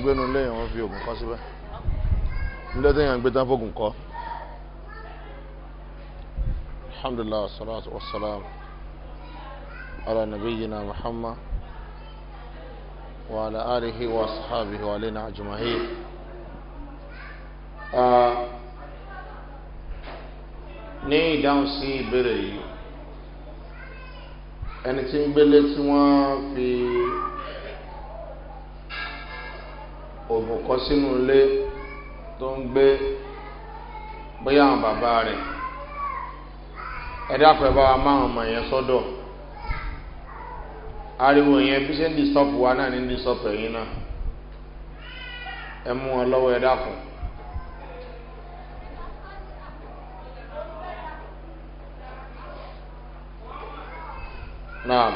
ń gbénu lẹ́yìn wọ́n fi oògùn kọ́ síbẹ̀ nílẹ̀ tẹ́yìn ń gbé tán fóògùn kọ́ alhamdulilah salatu wa salam ala nabiyyina muhammad wa ala alihi wa sahabihi wa lena ajumahi ní ìdáhùn sí ìbéèrè yìí ẹni tí ń gbélé tí wọ́n fi. kọ́ sínú ilé tó ń gbé bóyá àwọn bàbá rẹ̀ ẹ̀dá pẹ̀ bá wa máa ọmọ yẹn sọ́dọ̀ ariwo yẹn bí ṣe ń disọ́pù wa náà ní disọ́pù ẹ̀yìn náà ẹ mú wọn lọ́wọ́ ẹ̀dá kù. náà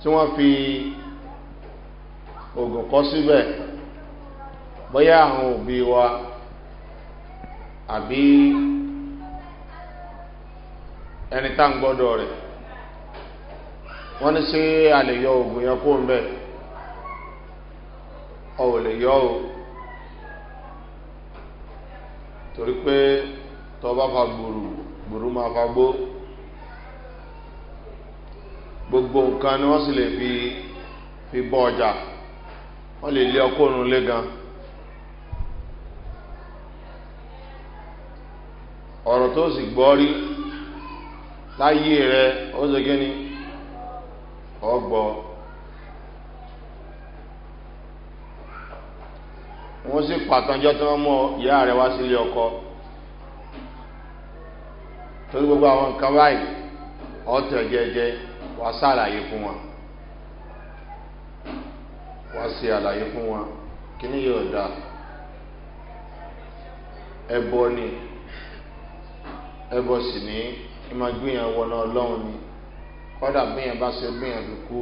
tí wọ́n fi. oògùn kọ́ síbẹ̀ bóyá àwọn òbí wa àbí ẹni tá ń gbọ́dọ̀ rẹ̀ wọ́n ní sí a ya kó ń bẹ̀ ọ ò lè yọ o torí pé fa máa fa gbó gbogbo nǹkan ni wọ́n sì lè fi fi bọ́ ọjà. wọ́n na eli ọkụ òun lé gan ọ̀rọ̀ tó sì gbọ́ rí láyé rẹ ó ṣe kí ni ọgbọ́ wọ́n sì tí mọ ìyá rẹ wá sílé torí gbogbo àwọn nǹkan báyìí ọ̀tẹ̀ jẹjẹ wàá sàlàyé wọ́n ṣe àlàyé fún wọn kí ni yóò da ẹbọ ni ẹbọ sì ní ẹ máa ya wọnà ọlọ́run ni kọ́dà gbìyàn bá ṣe gbìyàn ya kú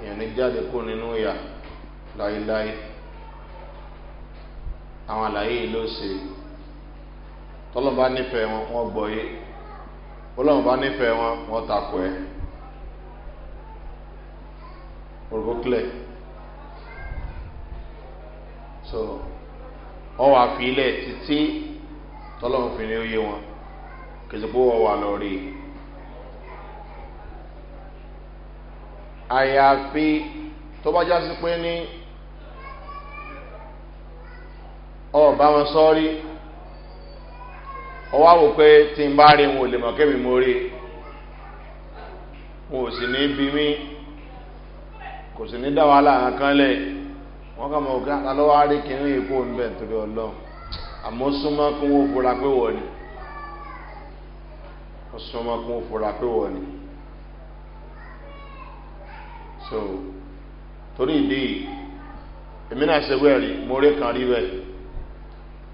èèyàn ní jáde kó nínú ya láéláé àwọn àlàyé yìí ló ṣe bá nífẹ̀ẹ́ wọn wọn gbọ yé bá nífẹ̀ẹ́ wọn wọn takò ẹ́ orúkọ clear. so wọn wà fi ilẹ̀ títí tọ́lọ́run fi ní oyé wọn kìsìkú wọn wà lọ rí i. àyàfi tó bá jásí pé ní ọba wọn sọ́ọ́rí ọwọ́ wò pé tí n bá rí wọn ò lè mọ̀ kébì mo rí wọn ò sì ní bí mí kò sì ní dá wàhálà kankan lẹ́yìn. wọ́n kàn mọ̀ òkè àtàlọ́wọ́ àárẹ̀ kìnrin èkó ń bẹ̀ torí ọlọ́run àmọ́ súnmọ́ kí fura pé wọ́n ni wọ́n súnmọ́ kí fura pé ni so torí ìdí èmi náà ṣe wẹ́ẹ̀ rí mo rí kan rí bẹ́ẹ̀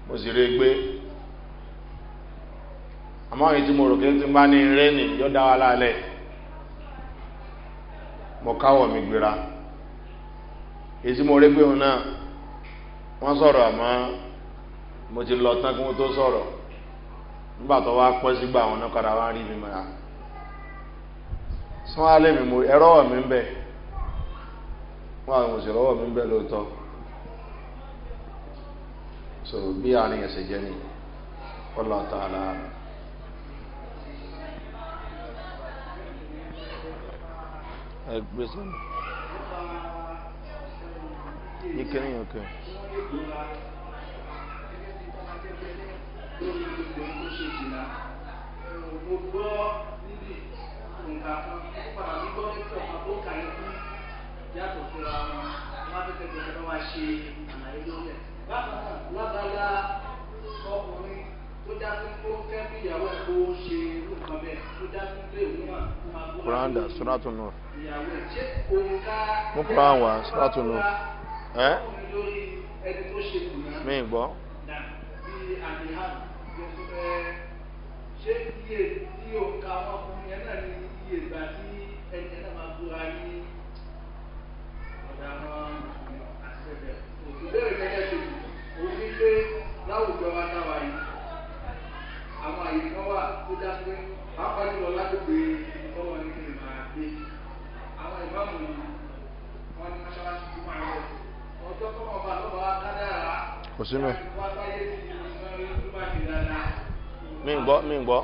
mo sì rí gbé àmọ́ àwọn ètò kí n ti bá ní rẹ́ẹ̀nì dá wa lálẹ́ mo mi gbéra. èsì mo rí pé òun náà wọ́n sọ̀rọ̀ àmọ́ mo ti lọ tán kí wọ́n tó sọ̀rọ̀ nígbà tó wá pọ́ sígbà àwọn náà padà wá rí mi mọ́ra sọ wá lé mi mo ẹ̀rọ wọ̀ mí ń bẹ̀ wọ́n àwọn òṣèlú wọ̀ mí ń bẹ̀ lóòótọ́ so bí àárín ẹ̀sẹ̀ jẹ́ ni ọlọ́ ta ara ẹgbẹ́ sọ́nà ìkíni òkè. yàtọ̀ fúnra wọn wọn fẹ́ tẹ̀lé ẹ̀rọ wa ṣe àlàyé lórí ẹ̀. bákan náà lábala ọkùnrin tó já sí kó fẹ́ bí ìyàwó ẹ̀ kó ṣe nǹkan bẹ́ẹ̀ tó já sí pé òun wà tó máa bọ́. kúránda sọ́dọ̀tún náà. ìyàwó ẹ̀ ṣé òun ká. mú kúrán wá sọ́dọ̀tún náà ẹ. mi gbọ́. ṣé iye tí òǹkà ọmọkùnrin yẹn náà ní iye ìgbà tí ẹnìyẹn náà máa. sínú ẹ̀ mi ń gbọ́ mi ń gbọ́.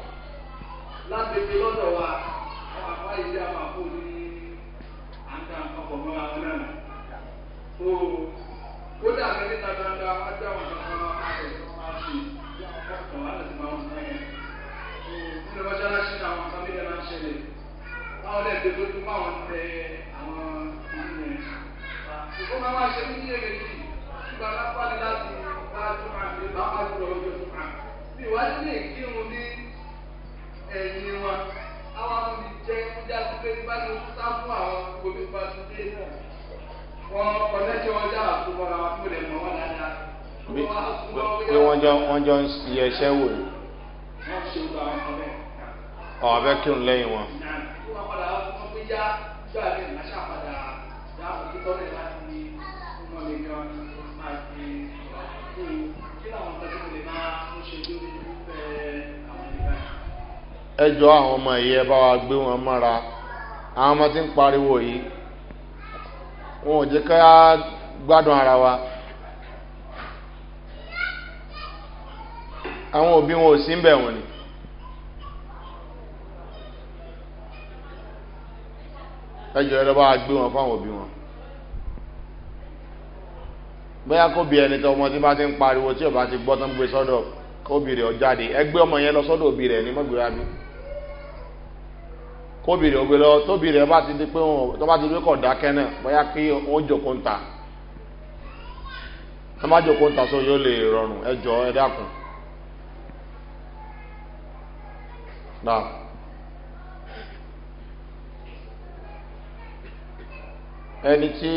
ẹṣẹ́ wò ní. ọ̀ abẹ́ kírun lẹ́yìn wọn. ẹjọ́ àwọn ọmọ yìí ẹ bá wa gbé wọn mọ́ra àwọn ọmọ tí ń pariwo yìí wọn ò jẹ́ ká gbádùn ara wa. àwọn òbí wọn ò sí ń bẹ̀ wọ́n ni. ẹjọ́ ẹ lọ́ba gbé wọn fáwọn òbí wọn. bóyá kó bí ẹni tó ọmọ tí bá ti ń pariwo tí ọba ti gbọ́ tó ń gbé sọ́dọ̀ kó bí rẹ̀ ọ jáde ẹgbẹ́ ọmọ yẹn lọ sọ́dọ̀ òbí rẹ̀ ní mọ́gbéra mi kóbìrì ògbé lọ tóbìrì ẹ bá ti di pé wọn tó bá ti di kọ̀ dákẹ́ náà bóyá kí wọn jòkó ń ta tó bá jòkó ń ta sọ yóò lè rọrùn ẹ jọ ẹ dákun. نعم ẹni tí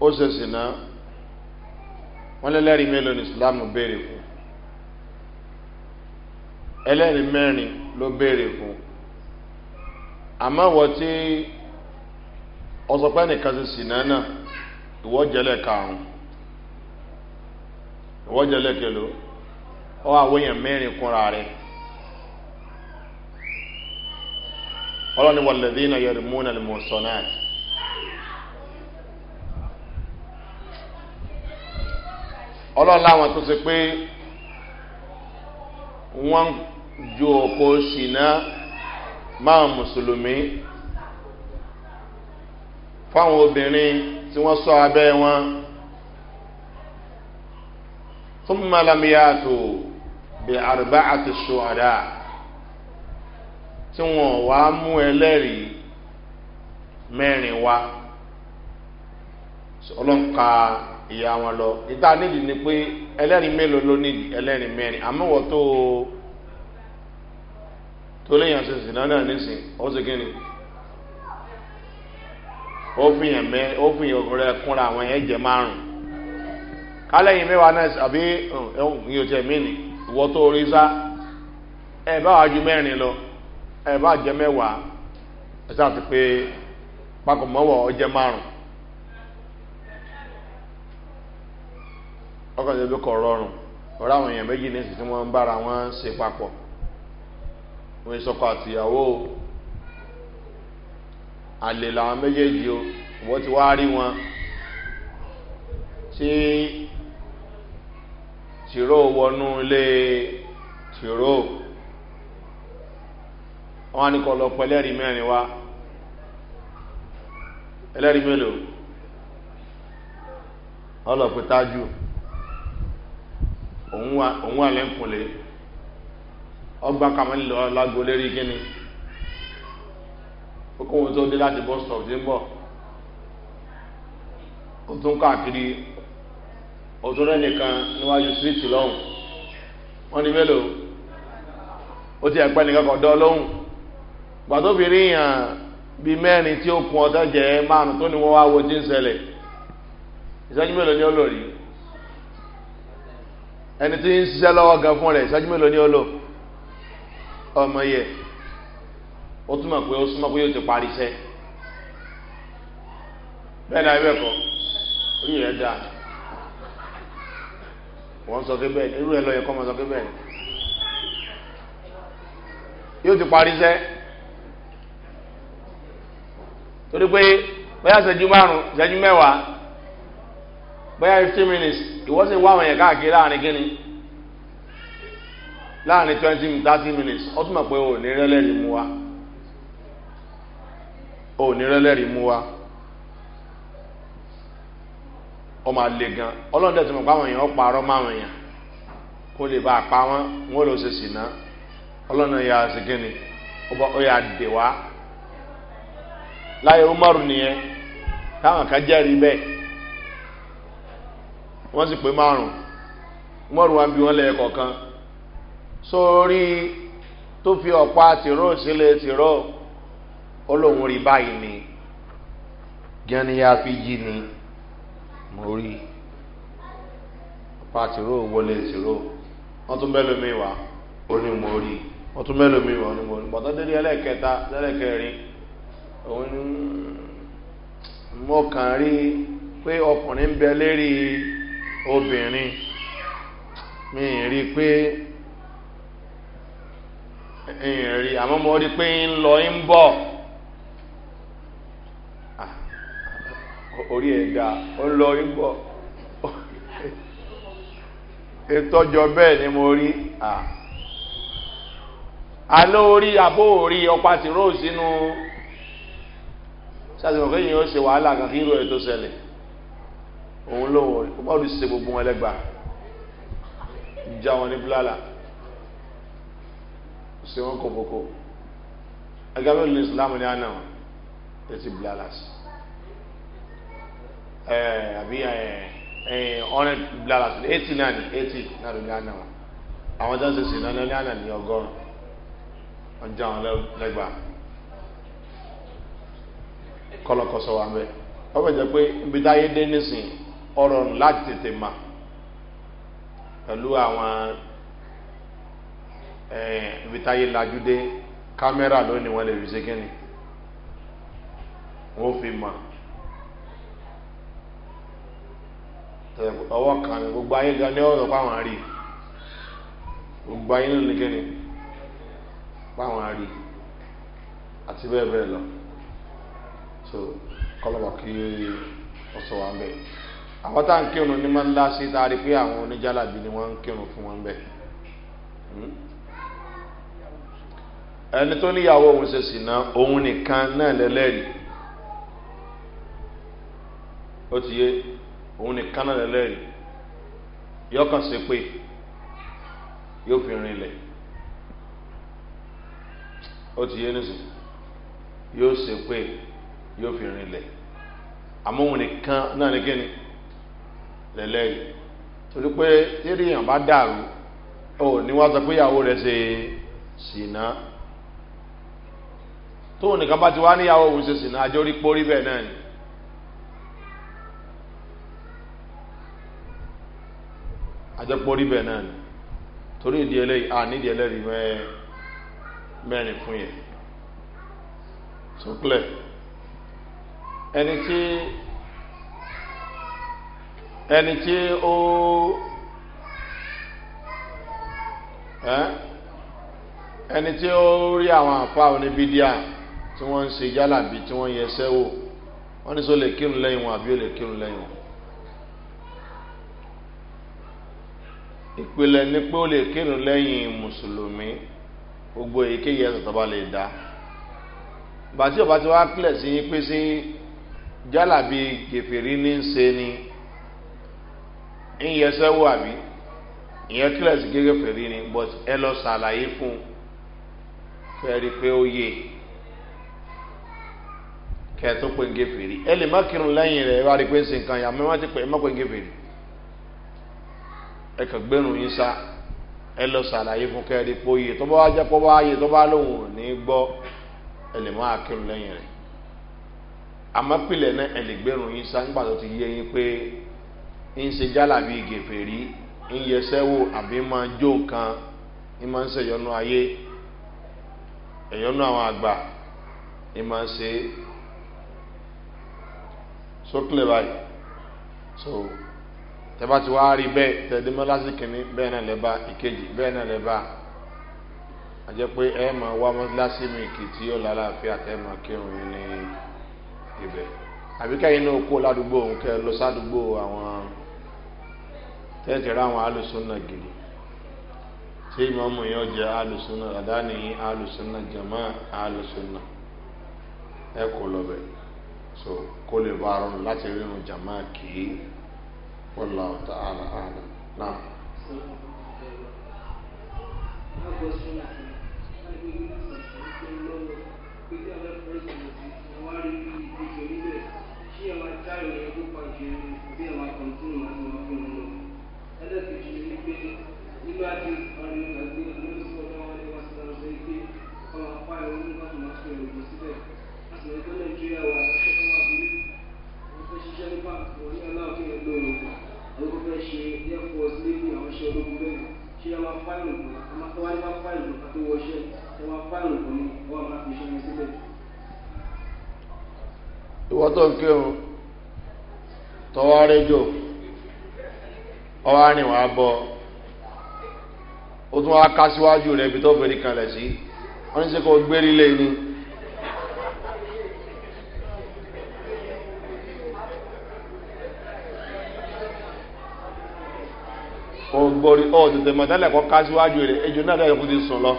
ó ṣẹ̀ṣì náà wọ́n lẹ́lẹ́rìí mélòó ní islam béèrè fún ẹlẹ́rìí mẹ́rin ló béèrè fún àmọ́ wọ́n tí ọ̀sọ̀pẹ́ nìkan ṣe sì náà náà ìwọ́jẹ́lẹ̀ karùn-ún ìwọ́jẹ́lẹ̀ kẹlò ọ ọlọ́ni wàlẹ́dínà yẹrì múnà mọ̀sánát ọlọ́ni láwọn tó ṣe pé wọ́n ju òkò ṣìnà máa mùsùlùmí fáwọn obìnrin tí wọ́n sọ abẹ́ wọn tó mú malamiyàtò bí àrùbá àti ṣùwádàá tí wọn wá mú ẹlẹ́rìí mẹ́rin wá ọlọ́nka ìyá wọn lọ ìta nídìí ni pé ẹlẹ́rìí mélòó ló nídìí ẹlẹ́rìí mẹ́rin àmọ́ wọ́n tó tó léyìn àti ìsìn náà nísìn ó sì kíni ó fi yàn mẹ ó fi yàn rẹ kúnra àwọn yẹn jẹ márùn kálẹ̀yìn mẹ́wàá náà àbí ẹ̀hún ìyóòtẹ́ mí ni ìwọ́ tó sá ẹ̀ báwa ju mẹ́rin lọ ẹ bá jẹ mẹ́wàá ẹ sáà ti pé papọ̀ mọ́wọ́ ọ jẹ márùn ọkàn tó bí kọ̀ rọrùn ọ̀rọ̀ àwọn èèyàn méjì ní ìsìn tí wọ́n ń bára wọn ṣe papọ̀ wọ́n ìsọkọ̀ àtìyàwó àlè làwọn méjèèjì o ìwọ́n ti wá rí wọn tí tìró wọnú ilé tìró wọn ni kọ lọ pẹ lẹ́rìí mẹ́rin wá ẹlẹ́rìí mélòó ọlọ́pẹ́ tájú òun wà lẹ́kùnlé ọgbà kàmá lọ lágbo lérí kíni ó kó wọn tó dé láti bọ́ stop tí ń bọ̀ ó tún káàkiri ọ̀tún rẹ̀ nìkan níwájú síríìtì lọ́hùn wọ́n ní mélòó ó ti ẹ̀pẹ́ nìkan kọ̀ dán lóhùn gbàtóbìnrin yàn bíi mẹ́rin tí ó kun ọtọ́ jẹ́ márùn tó ní wọ́n wá wo tí ń ṣẹlẹ̀ ìṣẹ́jú mélòó ni ó lò rí ẹni tí ń ṣiṣẹ́ lọ́wọ́ gan fún rẹ̀ ìṣẹ́jú mélòó ni ó lò ọmọ yẹ ó túmọ̀ pé ó súnmọ́ pé yóò ti parí iṣẹ́ bẹ́ẹ̀ ni abẹ́ kọ́ oyún rẹ̀ dáa wọ́n sọ pé bẹ́ẹ̀ irú ẹ̀ lọ́yẹ̀ kọ́ mọ́ sọ pé bẹ́ẹ̀ yóò ti parí iṣẹ́. torí pé bóyá ìṣẹ́jú márùn ìṣẹ́jú mẹ́wàá bóyá fifteen minutes ìwọ́sìn wá àwọn yẹn káàkiri láàrin kíni láàrin twenty thirty minutes ó túmọ̀ pé òní mú wa òní rẹ́lẹ́rìí mú wa ọmọ àlè gan ọlọ́run tẹ̀sí mọ̀ pé àwọn èèyàn parọ́ mọ́ àwọn èèyàn kó lè bá a pa wọ́n wọ́n lọ ṣe sì ná ọlọ́run yà á sí láyé umaru nìyẹn táwọn kan jẹ́rìí bẹ́ẹ̀ wọn sì pé márùn umaru wa ń bi wọn lẹ́yìn kọ̀ọ̀kan sórí tó fi ọ̀pá tìró sílẹ̀ tìró olóhùn rí báyìí ni gẹ́niyà fi ni mo rí ọ̀pá tìró wọlé tìró wọ́n tún bẹ́ẹ̀ lómi wá ó ní mo rí wọ́n tún bẹ́ẹ̀ lómi wá ó ní mo rí bọ́tọ́ lẹ́lẹ́kẹrin. òun ni mo rí pé ọkùnrin bẹ lérí obìnrin mi rí pé rí àmọ́ mo rí pé ń lọ ń bọ̀ ah, orí lọ ń bọ̀ bẹ́ẹ̀ ni mo rí ah, sáàtì mọ̀ kéèyàn ó ṣe wàhálà kan kí irú ẹ̀ tó ṣẹlẹ̀ òun lówó bọ́ọ̀lù ṣe gbogbo wọn lẹ́gbà já wọn ní bílálà ṣe wọn kòkòkò agbábẹ́ ìlú ìsìlámù ní àná tẹ̀sí bílálà sí ẹ̀ àbí ọ̀rẹ́ bílálà sí eighty náà ní eighty náà ló ní àná àwọn tó ń ṣe sí náà ní àná ní ọgọ́rùn-ún ọjà wọn lẹ́gbàá. kọlọkọsọ wa mẹ ọbẹ jẹ pé ibi tá a yé dé nísìnyí ọrọ nù láti tètè ma pẹlú àwọn ẹ ibi tá a yé lajú dé kámẹ́rà lónìí wọn lè fi ṣe ni wọn fi ma ọwọ́ kan gbogbo ayé gan ní ọ̀rọ̀ fáwọn gbogbo ayé so kọlọ́wọ́ kí ó sọ wá ń àwọn tá à ń kírun ní máa ń lá sí táàrí pé àwọn oníjàlábí ni wọn ń kírun fún wọn bẹ̀. Hmm? ẹni tó níyàwó òun ṣe sì ná òun nìkan náà lẹ́lẹ́rìí ó ti yé òun nìkan náà yọkàn fi ó ti yé nísìnyí yóò ṣe yóò fi rin lẹ̀ àmóhun nìkan náà ní kíni lẹ́lẹ́rìí torí pé tírí èèyàn bá dàrú ó sọ pé ìyàwó rẹ̀ ṣe ṣìnà tóun nìkan bá ti wá níyàwó òun ṣe ṣìnà àjọ orí pórí bẹ́ẹ̀ náà ni. àjọpọ̀ rí bẹ́ẹ̀ náà ni torí ìdí ẹlẹ́yìí nídìí ẹlẹ́rìí mẹ́rin fún yẹn ẹni tí ẹni tí ó ẹni tí ó rí àwọn àpá oníbídíà tí wọ́n ń ṣe jálàbí tí wọ́n yẹ sẹ́wò wọ́n ní sọ lè kírun lẹ́yìn wọn àbí ó lè kírun lẹ́yìn wọn. ìpìlẹ̀ ni pé ó lè kírun lẹ́yìn mùsùlùmí gbogbo èyíkéyìí ẹ̀sìn tó bá lè dá bàtí ọba tí wàá kílẹ̀ sí yín pé sí jálàbí kẹfìrí ní ń ṣe ni ń yẹsẹ́ wò àbí ìyẹn kílẹ̀sì gẹ́gẹ́ fẹ̀rí ni but ẹ lọ ṣàlàyé fún fẹ́rí pé ó yé kẹ́ẹ̀tún pé ń gé fèrè ẹ lè má kírun lẹ́yìn rẹ̀ wá rí ti pè é má pé ń gé fèrè ẹ kàn gbẹ́rùn yín sá ẹ lọ ṣàlàyé fún kẹ́ẹ̀rí pé ó yé tó ní gbọ́ ẹ lè má kírun amapilẹ̀ náà ẹ lè gbẹ̀rún yín sá nígbà tó ti yé yín pé ń ṣe jálà bíi gèfèrí ń yẹsẹ́ wò àbí máa jó nǹkan ń máa ń ṣe ìyọnu ayé ìyọnu àwọn àgbà ń máa ń ṣe sókèlè báyìí so tẹ́bá ti wá rí bẹ́ẹ̀ tẹ́dẹ́mọ́ lásìkò ní bẹ́ẹ̀ náà lẹ́ba ìkejì bẹ́ẹ̀ náà lẹ́ba àjẹpé ẹ máa wá mọ́ lásìmì kìtì yóò lálàáfíà tẹ́ máa kírun ní. ibẹ̀ àbí kẹ́yìn náà kó ládùúgbò òun kẹ́ lọ sádùúgbò àwọn tẹ́tẹ̀rẹ́ àwọn alùsùnà gidi tí ìmọ̀mù yẹn jẹ́ alùsùnà àdáni alùsùnà jẹ̀mọ́ alùsùnà ẹ kò lọ bẹ̀ so kó lè bá rọrùn láti rírun jẹ̀mọ́ kì í ìwọ́n tó ń kírun tọwọ́ rẹ́jò ọwọ́ àrìn wàá bọ̀ ó tún wá ká síwájú rẹ̀ ibi tó fẹ́rí kalẹ̀ sí wọ́n ní sẹ́kọ̀ọ́ gbérí lé ní. ògbórí ọ̀ tètè mọ̀tálẹ̀ kọ́ ká síwájú rẹ̀ ejò náà dájọ́ kó ti sùn lọ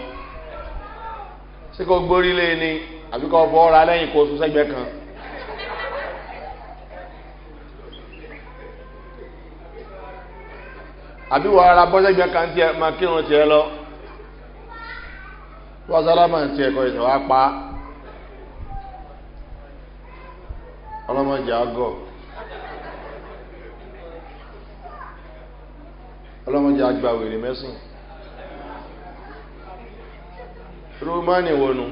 sẹ́kọ̀ọ́ gbórí lé ní àbíkọ́ fọ́ ọ́ra lẹ́yìn kó sún sẹ́gbẹ́ kan. àbí wọ́n ara bọ́sẹ̀gbẹ́ kan tiẹ̀ máa kírun tiẹ̀ lọ wọ́n sálámà tiẹ̀ kọ́ ìṣẹ̀ wá pa ọlọ́mọdé àgọ́ ọlọ́mọdé àgbà wèrè mẹ́sìn rúmánì wọnú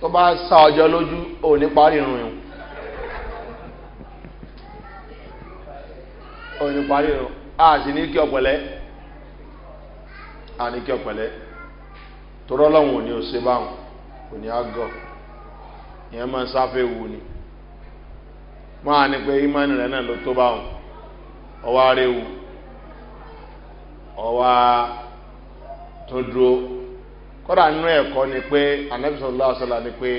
tó bá sá ọjọ́ lójú ò ní parí irun yìí. òun ah, ni o a sì ní kí a ní kí ọ̀pẹ̀lẹ́ torọ́ ọlọ́run ò ní báwọn kò ní ìyẹn máa ń sáfẹ́ wù ni máa ní pé ìmánì rẹ̀ náà ló tó báwọn nínú ni pé ni pé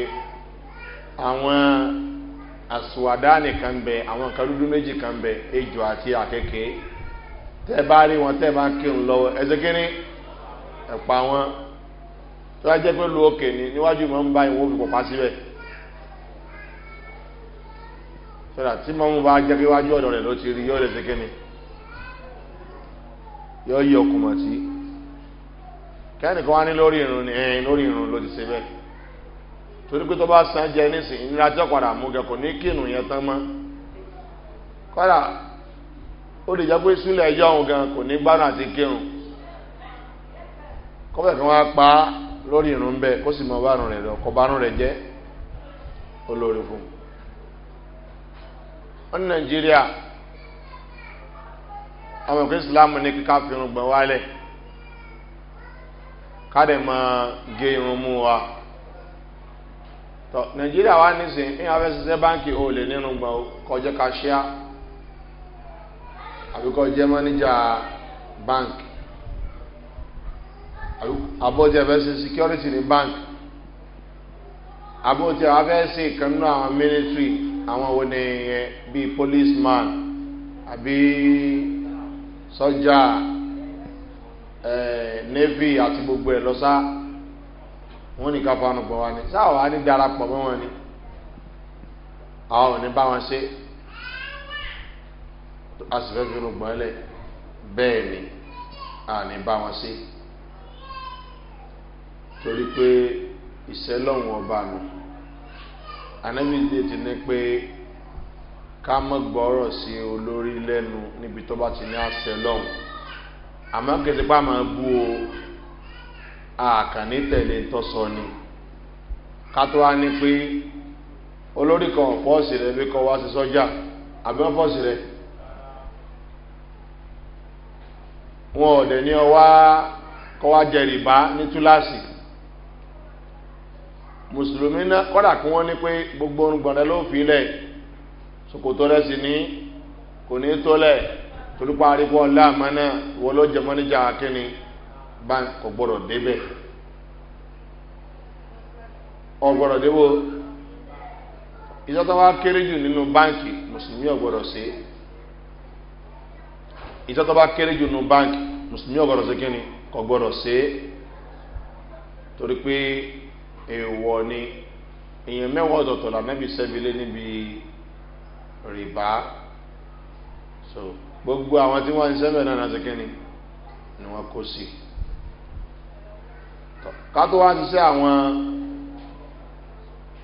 àsùwàdánì kan bẹ àwọn kan dúdú méjì kan bẹ ejò àti àkẹkẹ tẹ bá rí wọn tẹ bá kírun lọwọ ẹsẹ kínní ẹpa wọn tó bá jẹ pé lu òkè ni níwájú mọ ń bá ìwọ fi pọpá síbẹ sọdà tí mọ́mú bá jẹ́ pé wájú ọ̀dọ̀ rẹ̀ ló ti rí yóò lè kínní yóò yí ọkùnmọ̀ sí kẹ́nìkan wá ní lórí irun ni ẹ̀ẹ́n lórí irun ló ti ṣe bẹ́ẹ̀. torí pé tó bá san jẹ nísìnyí ìnira tí padà mú kẹ kò ní kírun yẹn tán mọ́ kọ́dà ó lè jẹ́ pé sílẹ̀ ẹjọ́ òun gan kò ní gbádùn àti kírun kọ́bẹ̀ kí wọ́n á pa á lórí irun bẹ́ẹ̀ kó sì mọ bárun rẹ̀ lọ kọ́ bárun rẹ̀ jẹ́ olórí fún un. ní nàìjíríà àwọn òkè ìsìlámù ní kíkà fi irun gbọ̀n wálẹ̀ ká dẹ̀ máa gé irun mú wa. tɔ nigeria wa ni zin fi hafi sise banki o le ninu mgbe o kọjọ kashia abi kɔjɛ manija bank abɔti a fɛ se security ni bank abɔti a fɛ se kanu awon ministry awon wo ni yɛ bi police abi soja ɛɛ eh, navy ati gbogbo yɛ lɔsa. wọ́n ní káfọ́ ànùpọ̀ wa ni sáà wà á ní darapọ̀ mọ́ wọn ni àwọn ò ní bá wọn ṣe a sì fẹ́ fi rògbọ́n lẹ̀ bẹ́ẹ̀ ni a ní bá wọn ṣe torí pé ìṣẹ́lọ́hún ọba nù anábìdíyẹ ti ní pé ká mọ́ gbọ́rọ̀ sí olórí lẹ́nu níbi tó bá ti ní àṣẹ lọ́hùn àmọ́ kẹsìpá máa bú o àkànní tẹ̀lé tọ́sọ ni kátó wá ní pé olórí kan fọ́ọ̀sì rẹ̀ bí kọ́ wá sí sọ́jà àbí wọ́n fọ́ọ̀sì rẹ̀ wọn ò dẹ̀ ní ọwá kọ́ wá jẹ rìbá ní túláàsì mùsùlùmí náà kọ́dà kí wọ́n ní pé gbogbo orúngbọ̀n rẹ̀ ló fi sokoto rẹ̀ sì ní kò ní tó lẹ̀ torípa arígbọ́n láàmánà wọ́n ló jẹ mọ́níjà kínni. ban kò gbọ́dọ̀ débẹ̀ ọgbọ́dọ̀ débò ìtọ́tọ́ wá kéré jù nínú bankị mùsùlùmí ọgbọrọ sí ìtọ́tọ́ bá kéré jù nínú bankị mùsùlùmí ọgbọrọ sí kíni kò gbọ́dọ̀ sí torí pé èèwọ̀ ni èèyàn mẹ́wàá ọ̀dọ̀tọ̀ làmẹ́bí sẹ́filé níbi rìbá so gbogbo àwọn tí wọ́n ń sẹ́fẹ̀ náà ni wọ́n kó sí i. ká tó wá ṣiṣẹ́ àwọn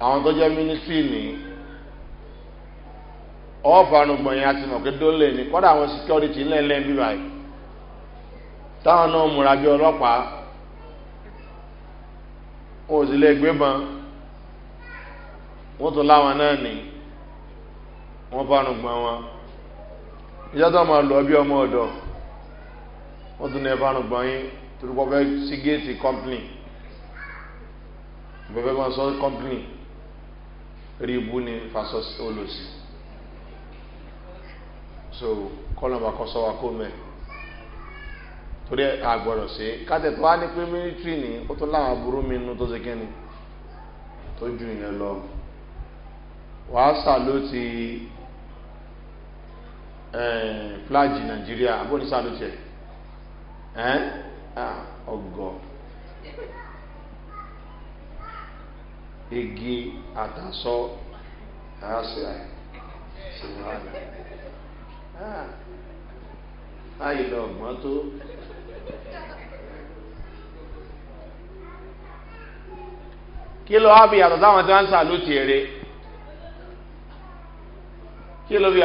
àwọn tó jẹ́ mínísírì ní ọ̀fànùgbọ̀n yẹn àti mọ̀kẹ́dọ́ lè ní kọ́dà àwọn security ńlẹ̀ńlẹ̀ bí báyìí táwọn náà múra bí ọlọ́pàá wọn ò sì lè gbébọn wọ́n tún láwọn náà ní wọ́n fànùgbọ̀n wọn ìjọ́ tó máa lọ bí ọmọ ọ̀dọ̀ wọ́n tún ní ẹ̀fànùgbọ̀n yín torí kò fẹ́ sí géètì kọ́mpìnì kò fẹ́ máa sọ kọ́mpìnì rí ibú ni fasọ olùsí so kọ́lọ́mà kọ́ sọ wa kó mẹ́ torí àgbọ̀rọ̀ sí kátẹ̀tọ̀ wá ní pé mílítírì ni ó tún láwọn aburú mi nínú tó ṣe kẹ́ni tó ju ìyẹn lọ wàásà ló ti flag nàìjíríà abóníṣà ló tiẹ̀ ẹ́. Ah, ọgọ egi atasọ àásìá si àìlọ ah, ọgbọ́n tó kí ló wá bí yàtọ̀ táwọn tí wọ́n ń sà ló ti èrè kí ló bí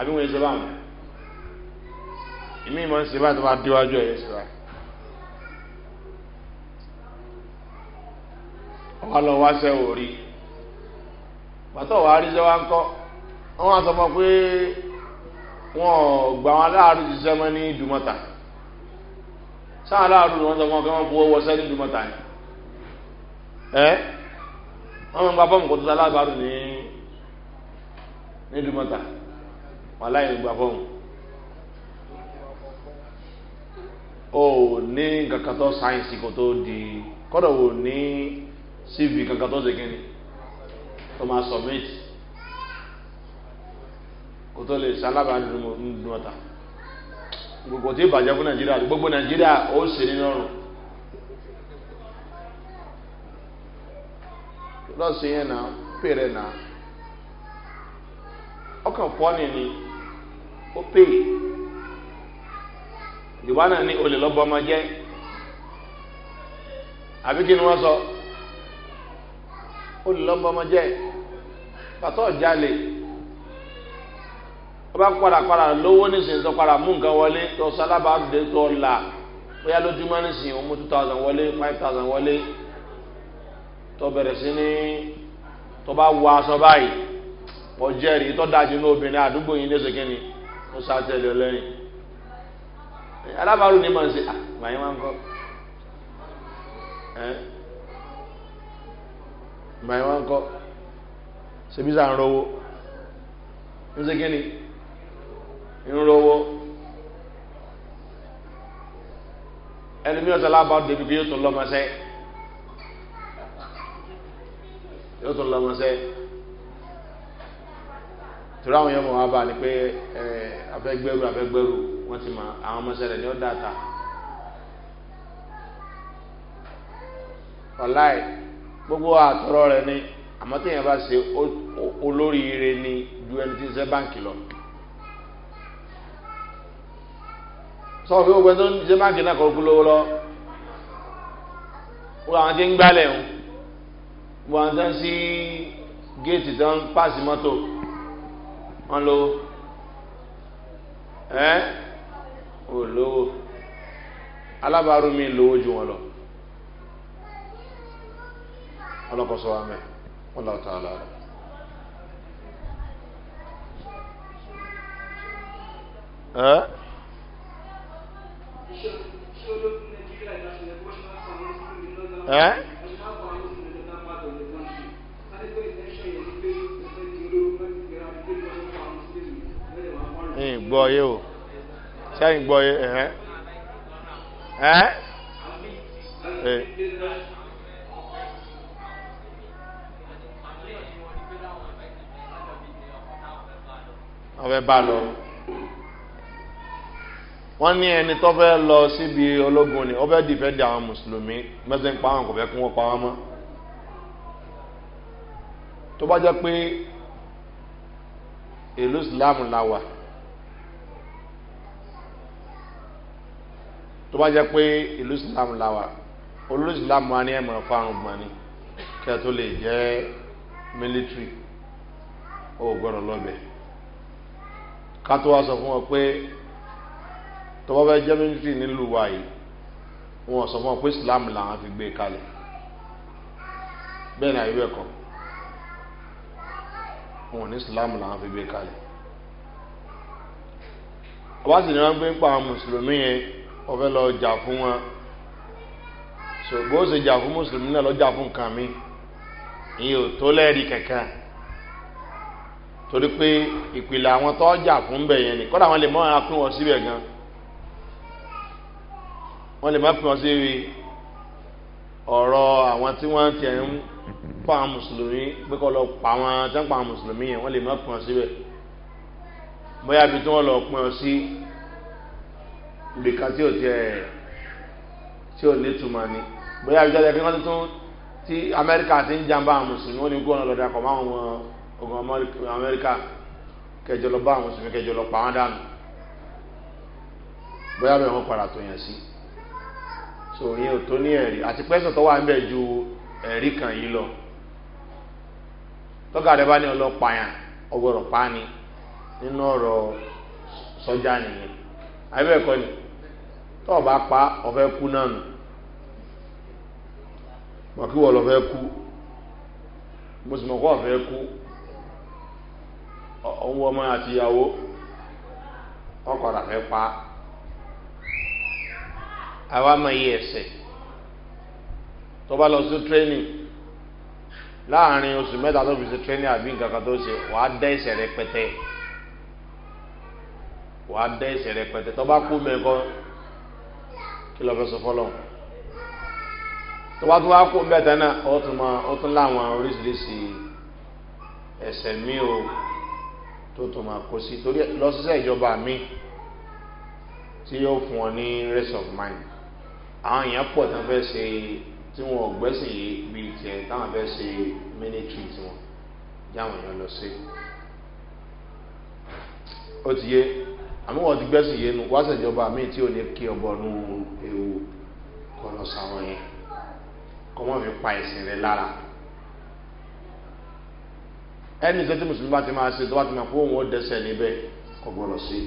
àbí wọn ṣe báwọn èmi ìmọ̀ ń ṣe bá tó bá déwájú ẹ̀yẹ ṣe bá wọ́n lọ wá sẹ́ orí pàtó wàá rí sẹ́wá ń kọ́ wọ́n wá sọ fún ọ pé wọ́n gbà wọn aláàrú ti sẹ́ mọ́ ní dùmọ́ta sáà aláàrú ni wọ́n sọ fún ọ pé wọ́n fowó wọṣẹ́ ní dùmọ́ta ni ẹ́ wọ́n mọ̀ ń gba bọ́ọ̀mù tó sá aláàrú ní ní wọn láyé gbà fóun o ní kankan tó sáyẹnsì kò tó di kọ́dọ̀ wò ní cv ni tó máa submit kò tó lè sálábà nínú ọ̀tá gbogbo tí ìbàjẹ́ fún nàìjíríà gbogbo nàìjíríà ó sì ní lọ́rùn lọ́sìn yẹn na pèrè náà ọkàn fọ́ọ̀nì ni. ó pè é ìwà náà ní olè lọ́bọ ọmọ jẹ́ àbí kí ni wọ́n sọ olè lọ́bọ ọmọ jẹ́ pàtó ọ̀jálè ọba padà padà lówó nísìnyí tó padà mú nǹkan wọlé tó sálábàádé tó là bóyá lójúmọ́ nísìnyí ó mú two thousand wọlé five thousand wọlé tó bẹ̀rẹ̀ sí ní tó bá wọ aṣọ báyìí ọjẹ́rìí tó dájú ní obìnrin àdúgbò yìí ní ṣèkínni ó ṣàtẹ̀lẹ̀ lẹ́yìn alábàárù ni màá ṣe àgbáyé ah, máa ń kọ́ àgbáyé máa ń kọ́ ṣebí sàn rówó ń ṣe kí ni ń rówó ẹni mi ọ̀sán alábàárù débi pé yóò tún lọ́mọ sẹ́ yóò tún lọ́mọ sẹ́. torí àwọn yẹn mọ̀ wá bá ní pé abẹ́gbẹ́rù abẹ́gbẹ́rù wọ́n ti mọ àwọn ọmọọṣẹ́lẹ̀ ní ọ̀dà ta. ọ̀láì gbogbo àtọ̀rọ̀ ni àmọ́ téèyàn bá ṣe olóríire ni ju ẹni tí ń ṣe báǹkì lọ. sọ fún gbogbo ẹni tó ń ṣe báǹkì náà kọ́ lọ wọ́n àwọn tí ń gbálẹ̀ ń wọ́n àwọn tí ń sí géètì wọn lówó ẹ ò lówó alábàárù mi lówó ju wọn lọ ọlọ́kọ̀ọ́sọ wa mẹ́ wọn lọ tà á lọ. Huh? Huh? gbọ́ yé o sẹ́yìn gbọ́ yé ẹ̀hẹ́ ẹ́ ẹ́ ọbẹ̀ bá lọ wọ́n ní ẹni tó fẹ́ lọ síbi ológun ni ọbẹ̀ dìfẹ́ di àwọn mùsùlùmí mẹ́sẹ̀ ń pa àwọn kò fẹ́ kí wọ́n pa wọ́n mọ́ tó bá jẹ́ pé ìlú islam la wà. tó bá jẹ pé ìlú islam la wa olú islam wa ni ẹ mọ̀ fáwọn gbọ̀n ni kí ẹ tó lè jẹ́ military ó gbọ́dọ̀ lọ́bẹ̀ ká tó wá sọ fún wọn pé tó bá fẹ́ jẹ́ military nílùú wa yìí wọn sọ fún wọn pé islam làwọn fi gbé e kalẹ̀ bẹ́ẹ̀ ni àyè bẹ́ẹ̀ kọ́ wọn ní islam làwọn fi gbé e kalẹ̀ ọba sì ní wọn gbé pa àwọn mùsùlùmí yẹn ọ̀fẹ́ lọ jà fún wọn ṣùgbọ́n ó ṣe jà fún mùsùlùmí náà lọ́jà fún nǹkan mi ìyẹn ò tó lẹ́ẹ̀rí kankan torí pé ìpìlẹ̀ àwọn tó jà fún bẹ̀ yẹn ni kọ́dà wọn lè mọ àwọn pín wọn síbẹ̀ gan wọn lè má pín wọn síbi ọ̀rọ̀ àwọn tí wọ́n ti ń pa àwọn mùsùlùmí pé kọ́ lọ pa àwọn tí wọ́n pa àwọn mùsùlùmí yẹn wọ́n lè má pín wọn síbẹ̀ bóyá ibi tí wọ́n lọ pín wọn sí ibìkan tí ò tiẹ̀ tí ò nítumọ̀ ni bóyá ìjọba ẹ̀fín kan tó tí amẹ́ríkà ti ń jàǹbá àwọn mùsùlùmí wọn ni gbọ́n lọ dàpọ̀ mọ́ àwọn ogun amẹ́ríkà kẹjọ lọ bá àwọn mùsùlùmí kẹjọ lọ pa wọn dànù bóyá bẹ́ẹ̀ wọ́n padà tó yẹn sí so ìyẹn ò tó ní ẹ̀rí àti pẹ́sọ̀ tó wà ń bẹ̀ ju ẹ̀rí kan yìí lọ tọ́ka rẹ bá ní ọlọ́pàá yàn ọgbọ̀rọ̀ pa ni nínú ọ̀rọ̀ sọ́jà nìyẹn àbẹ́ẹ̀kọ́ ni tọ́ bá pa ọ̀fẹ́ kú náà nù mọ̀ kí wọ́n lọ fẹ́ kú mo sì mọ̀ kọ́ ọ̀fẹ́ kú òun ọmọ àti ìyàwó ọkọ̀dà fẹ́ pa àwa mọ iye ẹ̀sẹ̀ tó bá lọ sí tírénì láàrin oṣù mẹ́ta tó fi ṣe tírénì àbí nǹkan kan tó ṣe wàá dẹ́ ẹ̀sẹ̀ rẹpẹtẹ wàá dẹ́ ẹ̀sẹ̀ rẹpẹtẹ tó bá kú mẹ́kọ́ kí lọ́ fẹ́ sọ fọ́lọ́ tó bá tún wá kó bẹ́ẹ̀ tẹ́nà ó tún mọ ó tún láwọn oríṣiríṣi ẹ̀sẹ̀ mi o tó tún máa kó sí torí lọ síṣẹ́ ìjọba mi tí yóò fún ọ ní rest of mind àwọn èèyàn pọ̀ tán fẹ́ ṣe tí wọn gbẹ́sìn yìí bíi tiẹ̀ táwọn fẹ́ ṣe military tiwọn jáwọn èèyàn lọ sí ó ti yé àmọ́ wọ́n ti gbẹ́sìn yẹnu wá sẹ̀jọba mi tí ò ní kí ọbọ̀ nu ewu kọ́ lọ sáwọn yẹn kọ́ mọ́ fi pa ẹ̀sìn rẹ lára ẹni ìṣẹ́ tí mùsùlùmí bá ti máa ṣe tó bá ti máa fún òun ó dẹ́sẹ̀ níbẹ̀ kọ́ gbọ́dọ̀ sí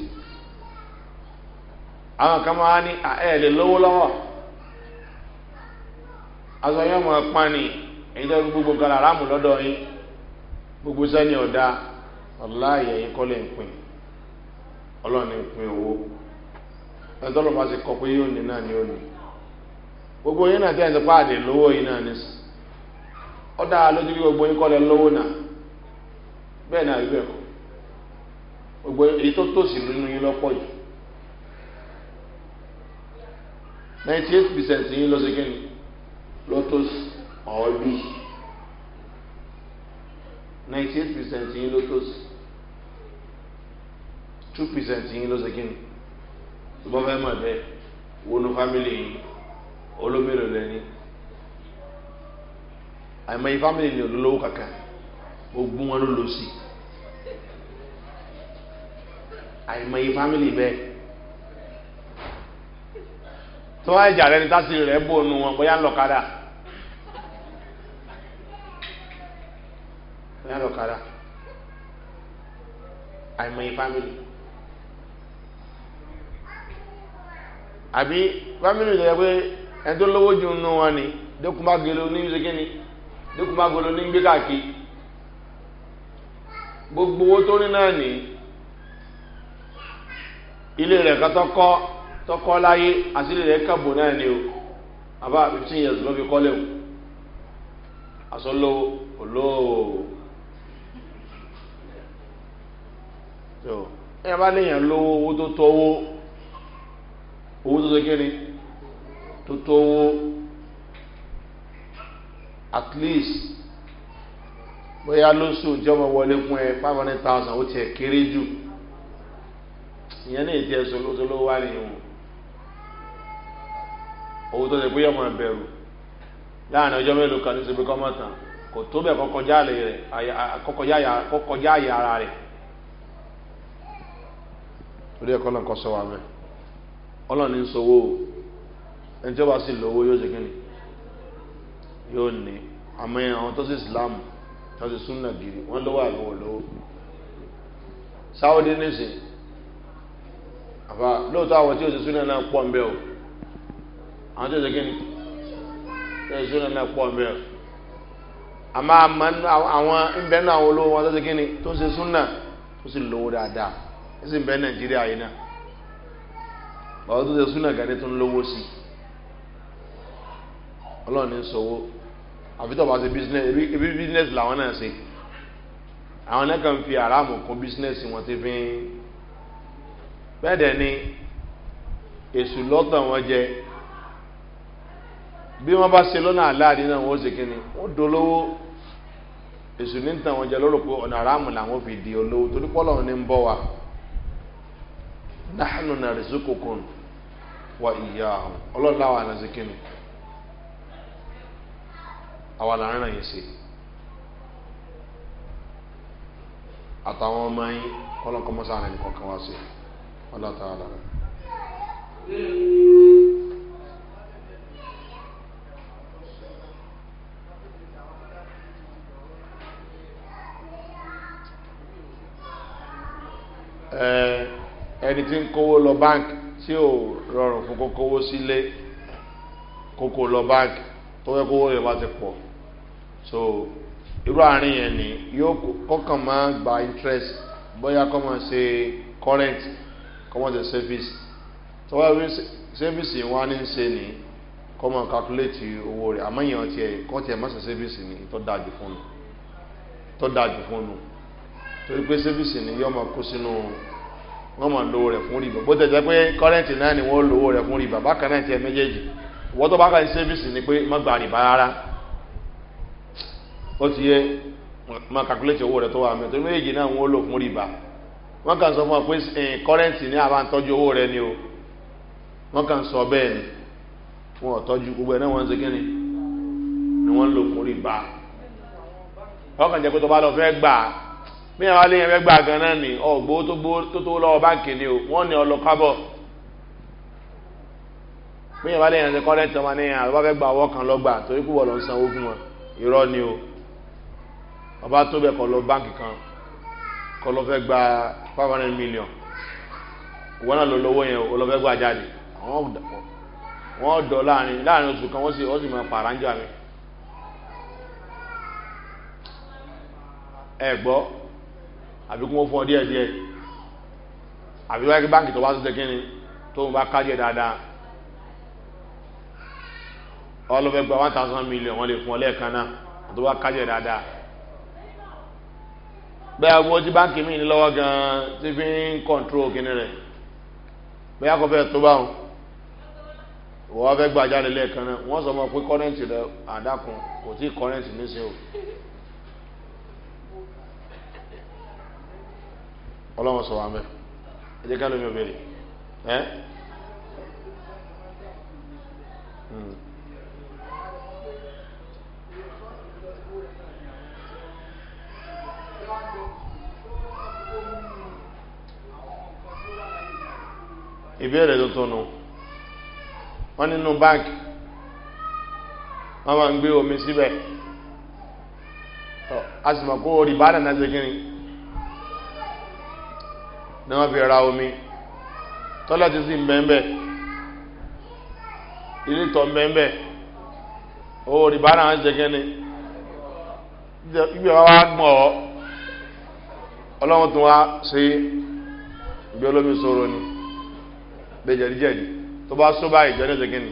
àwọn kan máa ní ẹ̀ lè lówó lọ́wọ́ aṣọ yẹn mọ̀ ẹ́ pani èyí tó gbogbo kan làrámù lọ́dọ̀ yín gbogbo sẹ́ni ọ̀dà ọ̀la ẹ̀yìn kọ́lé ń pin. ọlọ́ọ̀ni pin owó ẹ̀ńtọ́lọ́ bá ti kọ pé yóò ní náà ni ó gbogbo yín náà tẹ́yìn tó páàdé lówó yín náà ní sùn ó dára lójú bí gbogbo yín kọ́ lẹ lówó náà bẹ́ẹ̀ náà rí kọ́ gbogbo èyí tó tòsí nínú yín lọ́pọ̀ jù ninety eight percent yín ló ṣe kíni ló two percent yín ló ṣe kíni tó bá fẹ́ mọ̀ bẹ́ẹ̀ family fámìlì yín olómìnira lẹ́ni àìmọye fámìlì ni olólówó kaka gbogbo wọn ló lọ sí àìmọye fámìlì bẹ́ẹ̀ tó wáyé jà lẹ́ni tásìrì rẹ̀ bò nu wọn bóyá ńlọkadà bóyá ńlọkadà àìmọye fámìlì. àbí fámìlì ìjọba pé ẹni tó lówó ju nù wọn ni dókùnmágolo ní ṣẹ́kẹ́ni dókùnmágolo ní gbé káàkiri gbogbo owó tó ní náà ní ilé rẹ̀ kan tọ́kọ́ tọ́kọ́ láyé àti ilé rẹ̀ kàbò náà ni o àbá fifteen years ló fi kọ́lé o àsọlówó olóòwò so bá léèyàn lówó owó tó tọ́wó. owó tó ṣe kí ni tó tó owó at least bóyá lóṣù ìjọba wọlé fún ẹ five hundred thousand ó tiẹ̀ kéré jù ìyẹn ní ìdí ẹ̀sùn wà nìyẹn owó tó ṣe pé yọmọ ẹbẹrù láàrin ọjọ́ mélòó kan ní ṣe kọ́mọ̀ tán kò tó ara rẹ̀ ẹ̀kọ́ sọ ọlọ́run ní sọ owó o ẹni tí ó bá sì lówó yóò ṣe kí ni yóò ní àmọ́ àwọn tó sì islam tó sì súnà gírí wọ́n lówó àlówó lówó sáwọ́dí nìsín àbá lóòótọ́ àwọn tí ó ṣe súnà náà pọ̀ ń o àwọn tí ó ṣe kí ni tó ṣe súnà náà pọ̀ ń bẹ́ o àmọ́ àwọn ìbẹ́nu àwọn olówó wọn tó ṣe kí ni tó ṣe súnà tó sì lówó dáadáa ó sì nàìjíríà yìí náà bàbá tó ṣe súnà gani tó ń lówó sí ọlọ́run ní sọ́wọ́ àfi tó bá ṣe bísínẹ́sì ebi business làwọn náà ṣe àwọn náà kàn fi àràmù kún bísínẹ́sì wọn ti fi ń bẹ́ẹ̀ dẹ̀ ni èṣù lọ́tàn wọn jẹ bí wọ́n bá ṣe lọ́nà àláàdì náà wọ́n ṣe kíni wọ́n dolówó èṣù ní tàn wọn jẹ lọ́rọ̀ pé ọ̀nà àràmù làwọn fi di olówó torí pọ́lọ́run ní ń bọ̀ wá náà nù nà rẹ̀ sókòkò nù wa ìyá àwọn ọlọ́run láwọn àná sí kíni àwa là ń ràn yín sí àtàwọn ọmọ yín kọ́lọ́kọ́ mọ́sá rẹ̀ nìkan kan wá sí ọlọ́ta àlàrà. ẹni tí ń kówó lọ báńkì tí o rọrùn fún kókówó sílé kókó lọ báńkì tó fẹ́ kówó rẹ̀ bá ti pọ̀ so irú àárín yẹn ni yóò kọ́kàn máa gba interest bóyá kọ́ máa ṣe current kọ́ máa ṣe service tó wáyé wí service wa ní í ṣe ni kọ́ máa calculate owó rẹ̀ àmọ́ èèyàn tiẹ̀ kọ́ tiẹ̀ máa ṣe service ni tó dáa jù fún un tó dáa jù fún un torí pé service ni yóò máa kó sínú. No, wọ́n mọ̀ lówó rẹ̀ fún rìbà bó tẹ̀ jẹ́ pé kọ́rẹ́ǹtì náà ni wọ́n lówó rẹ̀ fún rìbà bákan náà ti ẹ̀ méjèèjì wọ́n tó bá kàn sẹ́fíìsì ni pé má gba rìbà rárá ó ti yẹ má kàkúlẹ̀tì owó rẹ̀ tó wà mẹ́tọ́ méjèèjì náà wọ́n lò fún rìbà wọ́n kàn sọ fún ọ pé kọ́rẹ́ǹtì ní àbá ń tọ́jú owó rẹ̀ ni o wọ́n kàn sọ bẹ́ẹ̀ ni wọn ò tọ́jú gbogbo ẹ̀ náà wọ́n ń ṣe ni wọ́n lò fún rìbà wọ́n jẹ́ pé tó bá lọ fẹ́ gbà bí àwọn alẹ́ yẹn fẹ́ gbà gan náà ni ọ̀gbó tó tó lọ́wọ́ báńkì ni o wọ́n ní ọlọ kábọ̀ bí àwọn alẹ́ yẹn ṣe kọ́lẹ́ tọ́ma ní àwọn bá fẹ́ gba ọwọ́ kan lọ́gbà torí púpọ̀ lọ sanwó fún wọn irọ́ ni o ọba tó bẹ̀ kọ́ lọ báńkì kan kọ́ lọ fẹ́ gba five hundred million ìwọ náà ló lọ́wọ́ yẹn o lọ fẹ́ gbà jáde wọ́n dọ̀ láàrin láàrin oṣù kan wọ́n sì máa pààrà ń jà mí ẹ̀gbọ́ àbí kí wọ́n fún ọ díẹ̀ díẹ̀ àbí wáyé kí báńkì tó bá tó ṣe kíni tó ń bá kájẹ̀ dáadáa ọlọ́fẹ́ gba one thousand million wọ́n lè fún ọ lẹ́ẹ̀kan náà tó bá kájẹ̀ dáadáa bẹ́ẹ̀ wo ti báńkì mi ní lọ́wọ́ gan-an ti fi ń kọ̀ǹtró kíni rẹ̀ bẹ́ẹ̀ kọ́ fẹ́ tó báwọn wọ́n fẹ́ gbàjáde lẹ́ẹ̀kan náà wọ́n sọ ma pé kọ́rẹ́ǹtì rẹ̀ àdàkùn kò tí kọ́rẹ́ǹtì níṣẹ́ o. ọlọ́wọ́n sọ wà mẹ́ ẹ jẹ́ ká lómi ò béèrè ẹ́ hmm. ìbéèrè tuntun nu wọ́n nínú báńkì wọ́n máa ń gbé omi síbẹ̀ a sì mọ̀ kó orí bá dàná ṣe kí ni wọ́n fi ra omi tọ́lá ti sí mbẹ́mbẹ́ ilé tọ́ mbẹ́mbẹ́ owó rìbá náà ń jẹ kẹ́ni ibi wa gbọ́n ọ́ ọlọ́run tún wá sí ibi olómi sọ̀rọ̀ ni bẹ́jẹ̀díjẹ̀dí tó bá sọ báyìí jẹ́ ní jẹ kẹ́ni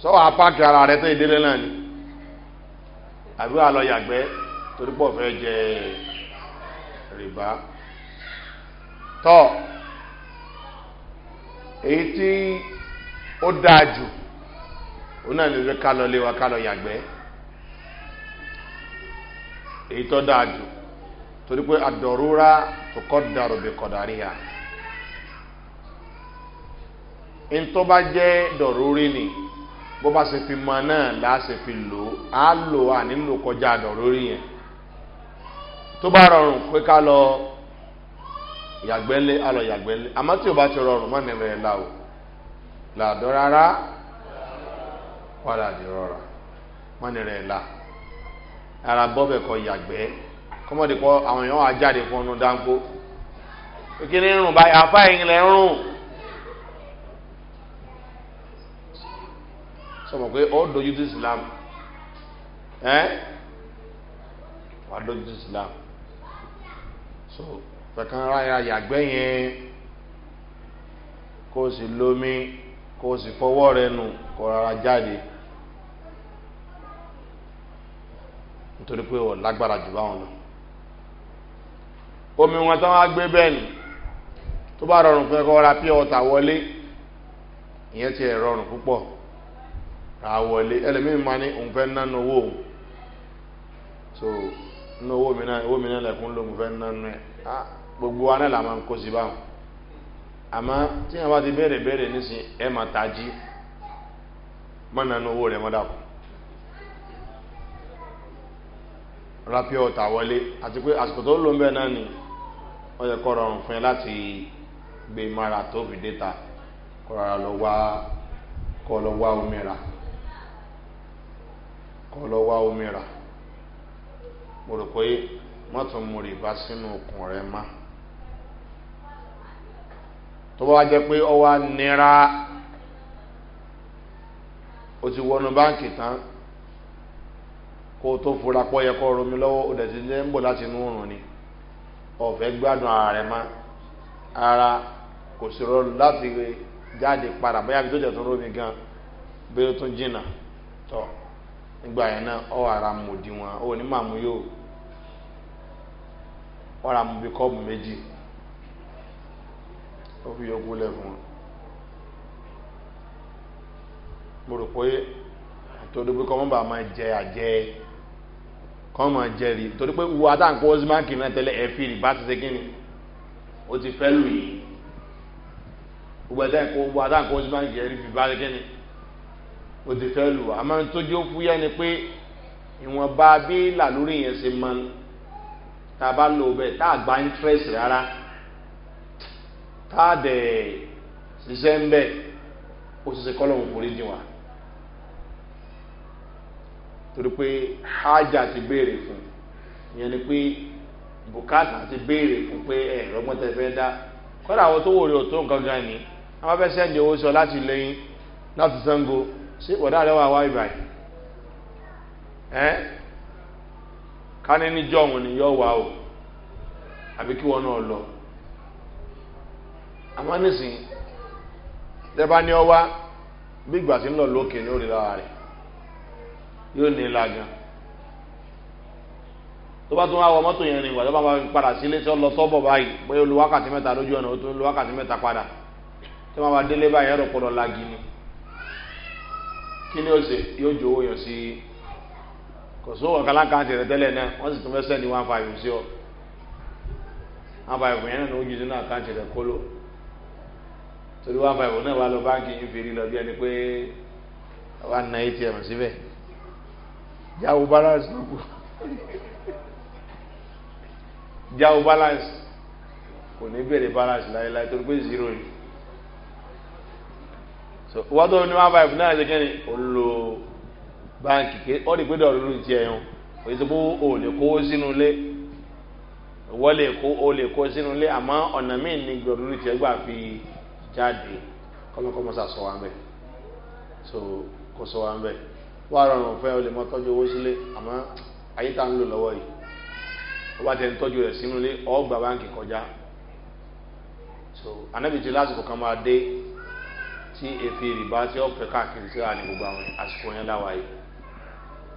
sọ́wọ́ apá kí ara rẹ̀ tó ìdílé náà ni àbí wà lọ yàgbẹ́. torí pọ̀ fẹ́ jẹ rìbá tọ́ èyí tí ó dáa jù òun náà lè fi ká lọ lé wa ká lọ yàgbẹ́ èyí tó dáa jù torí pé àdọ̀rúra tó kọ́ dàrú bí kọ̀dárí ya ntọ́ bá jẹ́ dọ̀rúrí ni bó bá ṣe fi mọ náà láà ṣe fi lò á lò à nílò kọjá dọ̀rúrí yẹn. tó bá rọrùn pé ká lọ yàgbẹ́lé á lọ yàgbẹ́lé àmọ́ tí ò bá ti rọrùn má nìrẹ̀ ẹ̀ la o làdọ́ rárá wàlà di rọra má nìrẹ̀ ẹ̀ la ara bọ́bẹ̀ kọ yàgbẹ́ kọ́mọ́dé kọ́ àwọn èèyàn wà jáde fún ọdún dáńkó kíni ń rùn báyìí àfa ẹ̀yìn lẹ̀ ń rùn. sọmọ pé ó dojú ti islam ẹ wàá dojú ti islam so kankan ara yàgbẹ́ yẹn kó o sì lomi kó o sì fọwọ́ rẹ nù kó rárá jáde nítorí pé ọ̀ lágbára jù báwọn lọ omi wọn tán wá gbé bẹ́ẹ̀ ni tó bá rọrùn fún ẹ kọ́ ra pí ọ̀tà wọlé ìyẹn ti ẹ̀ rọrùn púpọ̀ ra wọlé ẹlẹ́mìí máa ní òun fẹ́ nánú owó òun so ní owó mìíràn owó mìíràn lẹ́kún ló mú fẹ́ ná nú ẹ̀ ah, gbogbo wa náà là máa ń kó sí báwọn àmọ́ tí wọ́n bá ti bẹ̀rẹ̀ bẹ̀rẹ̀ nísìn ẹ̀ máa tají mọ́nà ní owó rẹ̀ mọ́ dàpọ̀ rápẹ́ ọ̀tà wọlé àti pé àsìkò tó ló ń bẹ̀ náà ni wọ́n yẹ kọ́ rọrùn fún ẹ láti gbé mara tó fi déta kọ́ rárá lọ wá kọ́ lọ wá omi rà kọ́ lọ wá omi rà. mo rò pé mọ́tò mo rè bá sínú okùn rẹ má tó bá jẹ́ pé ọ wá nira o ti wọnú báǹkì tán kó o tó fura pọ́ yẹ kó o romi lọ́wọ́ o dẹ̀ ti ní ń láti inú òrùn ni ọ̀fẹ́ gbádùn ara má ara kò sí rọrùn láti padà bóyá bí tó tó romi gan bí ó tún jìnnà nígbà yẹn ọ ara ní màmú yóò. ọ̀rọ̀ àmúbi kọ́ọ̀bù méjì ó fi yọ gúnlẹ̀ fún wọn mo rò pé torí pé kọ́ mọ́ bá máa jẹ àjẹ kọ́ mọ́ jẹ rí torí pé wo adáǹkó ọ́símáàkì náà tẹ́lẹ̀ ẹ̀ fi rí bá ti ṣe kíni ó ti fẹ́ lù yìí gbogbo adáǹkó wo adáǹkó ọ́símáàkì ẹ̀ fi bá ṣe kíni ó ti fẹ́ lù àmọ́ tójú ó fúyẹ́ ni pé ìwọ̀nba bí làlórí yẹn ṣe máa ń. tá a bá lò bẹ́ẹ̀ tá a gba interest rárá tá a dẹ̀ ṣiṣẹ́ ń bẹ́ẹ̀ ó wa torí pé ti béèrè fún ìyẹn ni pé ti béèrè fún pé ẹ rọgbọ́n tẹ fẹ́ dá kọ́dà àwọn tó wò rí gangan ni wọ́n bá fẹ́ sẹ́ndì owó sọ láti lẹ́yìn láti sango ṣé ọ̀dà rẹ kání níjọ́ òun ni yọ wá o àbí kí wọn náà lọ àmọ́ nísìnyí tẹ́bá ní ọ wá bí ìgbà tí ń lọ lókè ní òrìlà rẹ̀ yóò ní ilà gan tó bá tún wá wọ mọ́tò yẹn ní ìgbà tó bá máa padà sílé tí ó lọ sọ́bọ̀ báyìí bóyá olú wákàtí mẹ́ta lójú ọ̀nà ó tún lu wákàtí mẹ́ta padà tí wọ́n bá délé báyìí ẹ̀rọ pọ̀lọ̀ lagi ni kí ni ó ṣe yóò jowó yàn sí i kò sówó ọ̀kan láǹkàǹtì rẹ tẹ́lẹ̀ náà wọ́n sì tún fẹ́ sẹ́ni one five sí ọ one five yẹn náà ló jù sínú àkáǹtì rẹ kóló torí one five náà wà lọ báńkì yín fi lọ bí ẹni pé wà ná atm síbẹ̀ jáwó balance ló kù jáwó balance kò ní bèrè balance láéláé torí pé zero ni so wọ́n tó ní one five náà ṣe kẹ́ni ó báńkì ké ọ́ ní gbẹ́dọ̀ lórí ti ẹ̀yàn òyìnbó o lè kó sínú ilé ìwọ́ lè kó o lè kó sínú ilé àmọ́ ọ̀nà míì ní gbẹ́dọ̀ lórí ti ẹgbà fi jáde kọ́mọkọ́mọ sà sọ wa ń bẹ̀ so kò sọ wa ń bẹ̀ wọ́n á rọrùn fẹ́ o lè mọ tọ́jú owó sílé àmọ́ ayé tá ń lò lọ́wọ́ yìí wọ́n bá tẹ̀ ń tọ́jú rẹ̀ sínú ilé ọ́ gba báńkì kọjá so anábìtì lásìkò kan máa dé tí èfi rìbá tí ó fẹ́ káàkiri síra ní gbogbo àwọn àsìkò yẹn láwàá yìí.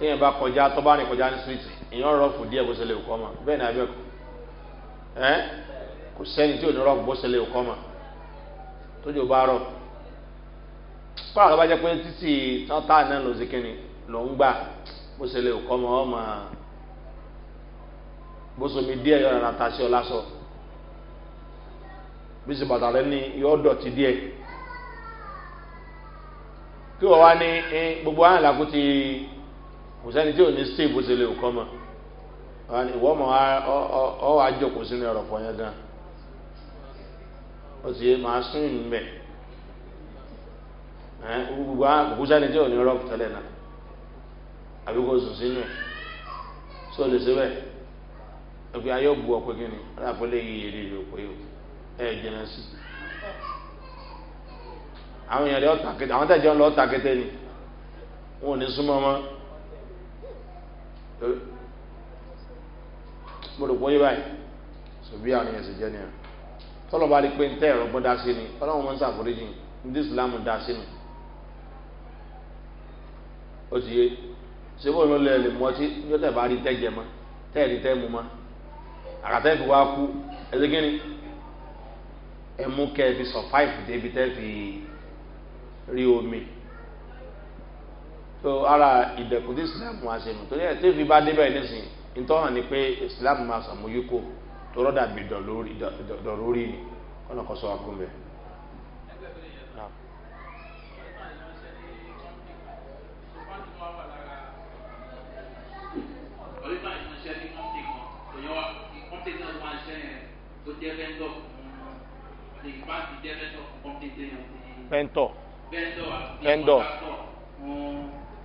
téèyàn bá kọjá tó bá kọjá ní síríìtì èèyàn rọ́ọ̀fù díẹ̀ bó ṣe lè kọ́ ma bẹ́ẹ̀ ni ẹ́ kò sẹ́ni tí ò ní bó ṣe lè kọ́ ma tójú bá rọ kọ́ àlọ́ jẹ́ pé títí tọ́tà náà ló ṣe kíni ló ń gbà bó ṣe lè kọ́ ma ọ́ ma bó díẹ̀ yọ̀ ọ lásọ gbogbo àyànlá ti. kò sẹ́ni tí ò ní sí ìbò sílé ọ ọ ìwọ́ mọ̀ ọ́ wàá jókòó sínú ẹ̀rọ pọ̀ yẹn gan ó sì yé màá sún gbogbo kò sẹ́ni tí ò ní rọ́ọ̀kù tẹ́lẹ̀ náà àbí kò sùn sínú ẹ̀ sọ lè ṣe bẹ́ẹ̀ ọ̀gbìn ayọ́ bu ọ̀pẹ kí ni aláàpọ̀lẹ̀ yìí èrè o àwọn èèyàn lọ́ọ́ tàkété ni wọn ò ní mo rò pé báyìí sọ bí àwọn èèyàn sì jẹ́ nìyẹn tọ́lọ̀ bá rí pé ń tẹ́ ẹ̀rọ gbọ́n dá sí ni ọlọ́run máa ń ṣàforíjì ní islam dá sí ni ó ti yé ṣé bóun ló lè lè mú ọtí yóò tẹ̀ bá rí tẹ́ jẹ mọ́ tẹ́ rí tẹ́ mu mọ́ àkàtẹ́ fi wá kú kí ni ẹ mú kẹ́ ẹ fi survive débi tẹ́ fi rí omi so ara ìdẹ̀kùn tí islam wá ṣe mọ̀ torí ẹ̀ tí fi bá débẹ̀ nísìnyí ntọ́nà ni pé islam máa sàmójúkò tó rọ́dà bí dọ̀lórí ni ọ̀nà kan sọ wá fún mi. Pẹ́ntọ̀. Pẹ́ntọ̀.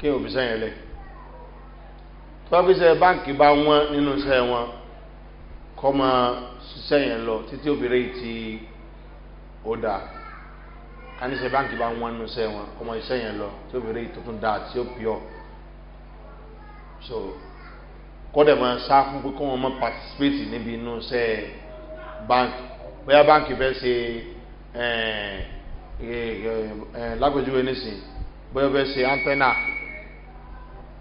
kí òbí sẹ́yìn lẹ̀ tọ́fíìsẹ̀ báǹkì bá wọ́n nínú iṣẹ́ wọn kọ́ máa ṣiṣẹ́ yẹn lọ títí obìnrin ti ó dáa káníṣẹ́ báǹkì bá wọ́n nínú iṣẹ́ wọn kọ́ máa ṣiṣẹ́ yẹn lọ tí obìnrin tó tún dáa tí ó pìọ́ so kọ́dẹ̀ máa sá fún pé kọ́ wọn máa participate níbi inú iṣẹ́ báǹkì bóyá báǹkì fẹ́ ṣe lágbèjúwe nísìnyí bóyá fẹ́ ṣe antenna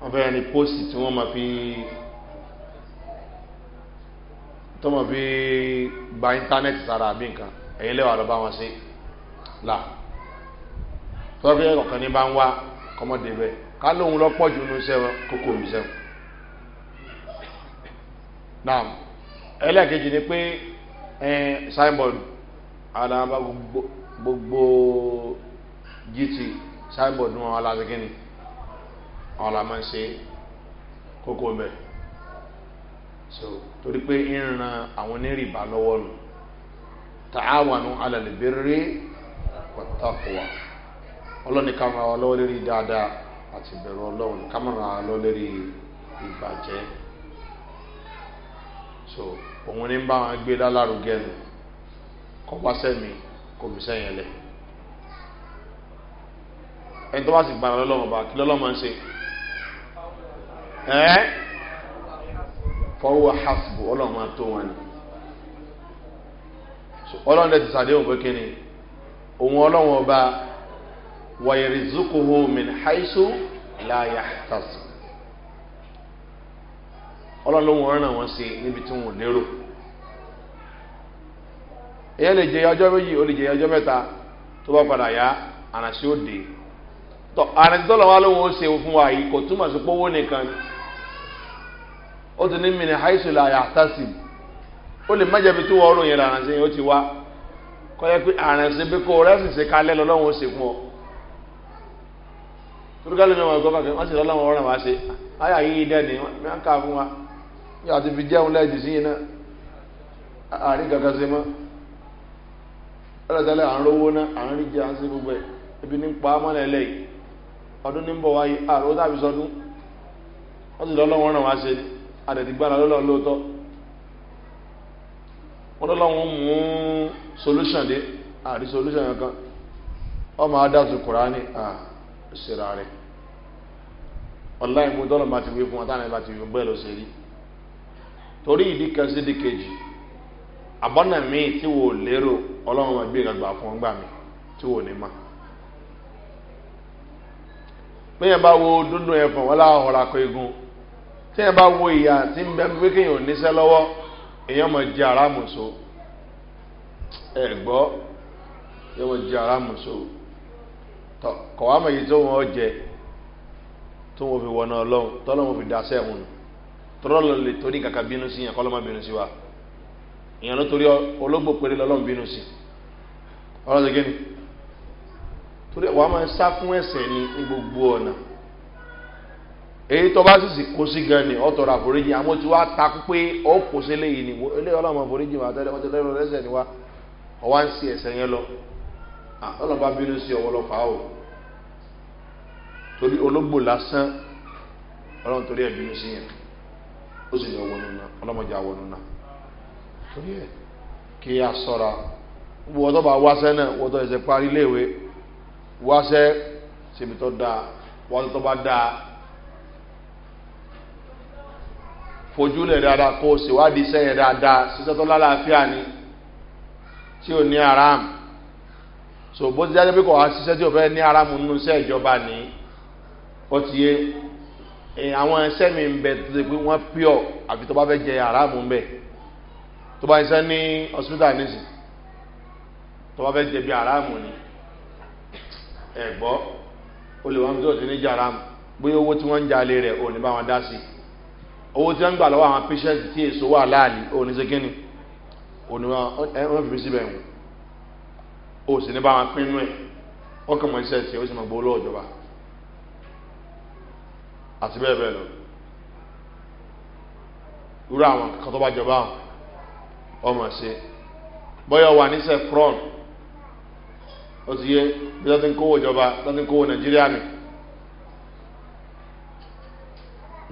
wọ́n fẹ́ ní pósì tí wọ́n máa fi tó máa fi gba íńtánẹ́ẹ̀tì sára àbí nǹkan ẹ̀yin lẹ́wà lọ bá wọn sí là tó fẹ́ ọ̀kan ní bá ń wá kọ́mọ́dé bẹ́ẹ̀ ká lóun lọ pọ̀ jù nínú sẹ́wọ̀n kókó mi sẹ́wọ̀n. náà ẹlẹ́ẹ̀kejì ni pé signboard alaba gbogbo gt signboard wọn alábẹ́kẹ́ni. àwọn la máa ń ṣe kókó bẹ̀ so torí pé ń àwọn onírìbà lọ́wọ́ nù tààwànú alàlẹ́bẹ̀rẹ̀ pàtàkùwà ọlọ́ni ká máa lérí dáadáa àti bẹ̀rù ọlọ́run ká máa so òun ní bá wọn gbé lálárugẹ nù kọ́ wá kò mí sẹ́yìn ẹlẹ́ tó ẹ́ fọwọ́ hasbu ọlọ́run máa tó wọn ni ọlọ́run lè ti sàdéhùn pé kí òun ọlọ́run ọba wàyẹ̀rì zukuhu min haisu láyà tasu ọlọ́run lóhun ọ̀ràn wọn ṣe níbi tí wọn ò lérò èyẹ lè jẹ ọjọ́ méjì ó lè jẹ ọjọ́ mẹ́ta tó bá padà yá ó dé ó ṣe fún wa yìí kò túmọ̀ sí pé owó nìkan ni. ó ti ní mìíràn ya là o ó lè má ọrụ tí wọ́n ròyìn ràràn sí ó ti wá kọ́yẹ́ pé àrùn sí bí kò rẹ́sì sí kalẹ́ lọ́wọ́ ṣe fún ọ turukalo ní ọmọ ẹgbẹ́ bàkẹ́ wọ́n sì lọ́wọ́ ọ̀ràn wá ṣe ayà yìí ya wọ́n ká fún wa yóò àti fi jẹun sí àárín rí gbogbo ebi ní pa ọdún ní sọdún sì ṣe ni àdẹ̀dìgbára dị lóòótọ́ wọ́n lọ́lọ́run mú solution dé àrí solution kan ọmọ adájú kùránì ọ rẹ̀ ọ̀láì mú dọ́lọ̀ bá ti wí fún ọ̀tá bá ti wí bẹ́ẹ̀ torí ìdí kan sí ìdí kejì àbọ̀nà tí wò lérò ọlọ́run ẹgbẹ́ fún ọgbà mi tí wò wo láwọn akọ egun tí ẹ bá wo ìyá tí ń bẹ pé kéèyàn ò níṣẹ́ lọ́wọ́ èèyàn mọ̀ jẹ́ aráàmùsọ ẹ gbọ́ èèyàn mọ̀ jẹ́ aráàmùsọ tọ kọ̀ wá mọ̀ èyí tó wọ́n jẹ tó wọ́n fi wọná ọlọ́run tọ́lọ́ wọn fi dá sẹ́wọ̀n tọ́lọ́ lè torí kàkà bínú sí yẹn kọ́lọ́ má bínú sí wa ìyẹn ló torí ológbò péré lọ́lọ́run bínú sí ọlọ́dẹ gẹ́ni torí wàá máa sá fún ẹ̀sẹ̀ ní gbogbo ọ̀nà. èyí tó bá sì sì kó sí gan ni ọ̀tọ̀ rà foríjì àmọ́ tí wàá takú pé ó kó sí eléyìí ni eléyìí ọlọ́mọ foríjì máa tẹ́lẹ̀ ni wa ọwá ń sí yẹn lọ ọlọ́mọ bínú sí ọwọ́ lọ́fà o torí ológbò lásán ọlọ́run torí ẹ̀ bínú sí yẹn ó sì torí kí a sọ̀ra wọ́n bá wáṣẹ́ náà wọ́n parí fojú lẹ̀ dáadáa kó o ṣèwádìí iṣẹ́ yẹn dáadáa ṣiṣẹ́ tó lálàáfíà ni tí ò ní aram so bó ti jáde pé kò wá ṣiṣẹ́ tí ò fẹ́ ní aram nínú iṣẹ́ ìjọba ní ó ti yé àwọn iṣẹ́ mi ń bẹ tó ṣe pé wọ́n pure àfi tó bá fẹ́ jẹ aram ń bẹ tó bá ṣiṣẹ́ ní hospital nísì tó bá fẹ́ jẹ bí aram ni ẹ̀gbọ́ olè wọn tó ti ní jẹ aram bóyá owó tí wọ́n ń jalè rẹ̀ ò ní bá wọn dá sí i owó tí wọ́n ń gbà lọ́wọ́ àwọn patients tí èso wà láàlì òní ṣe kí ni òní wọ́n fi síbẹ̀ wò ó sì ní bá wọn pinnu ẹ̀ wọ́n kàn mọ́ iṣẹ́ tiẹ̀ ó sì mọ̀ gbọ́ lọ́wọ́ ìjọba àti bẹ́ẹ̀ bẹ́ẹ̀ lọ irú àwọn kan tó bá jọba ọmọ ṣe bọ́yọ̀ wà níṣẹ́ front ó ti yé bí wọ́n ti ń kówó ìjọba wọ́n ti ń kówó nàìjíríà nì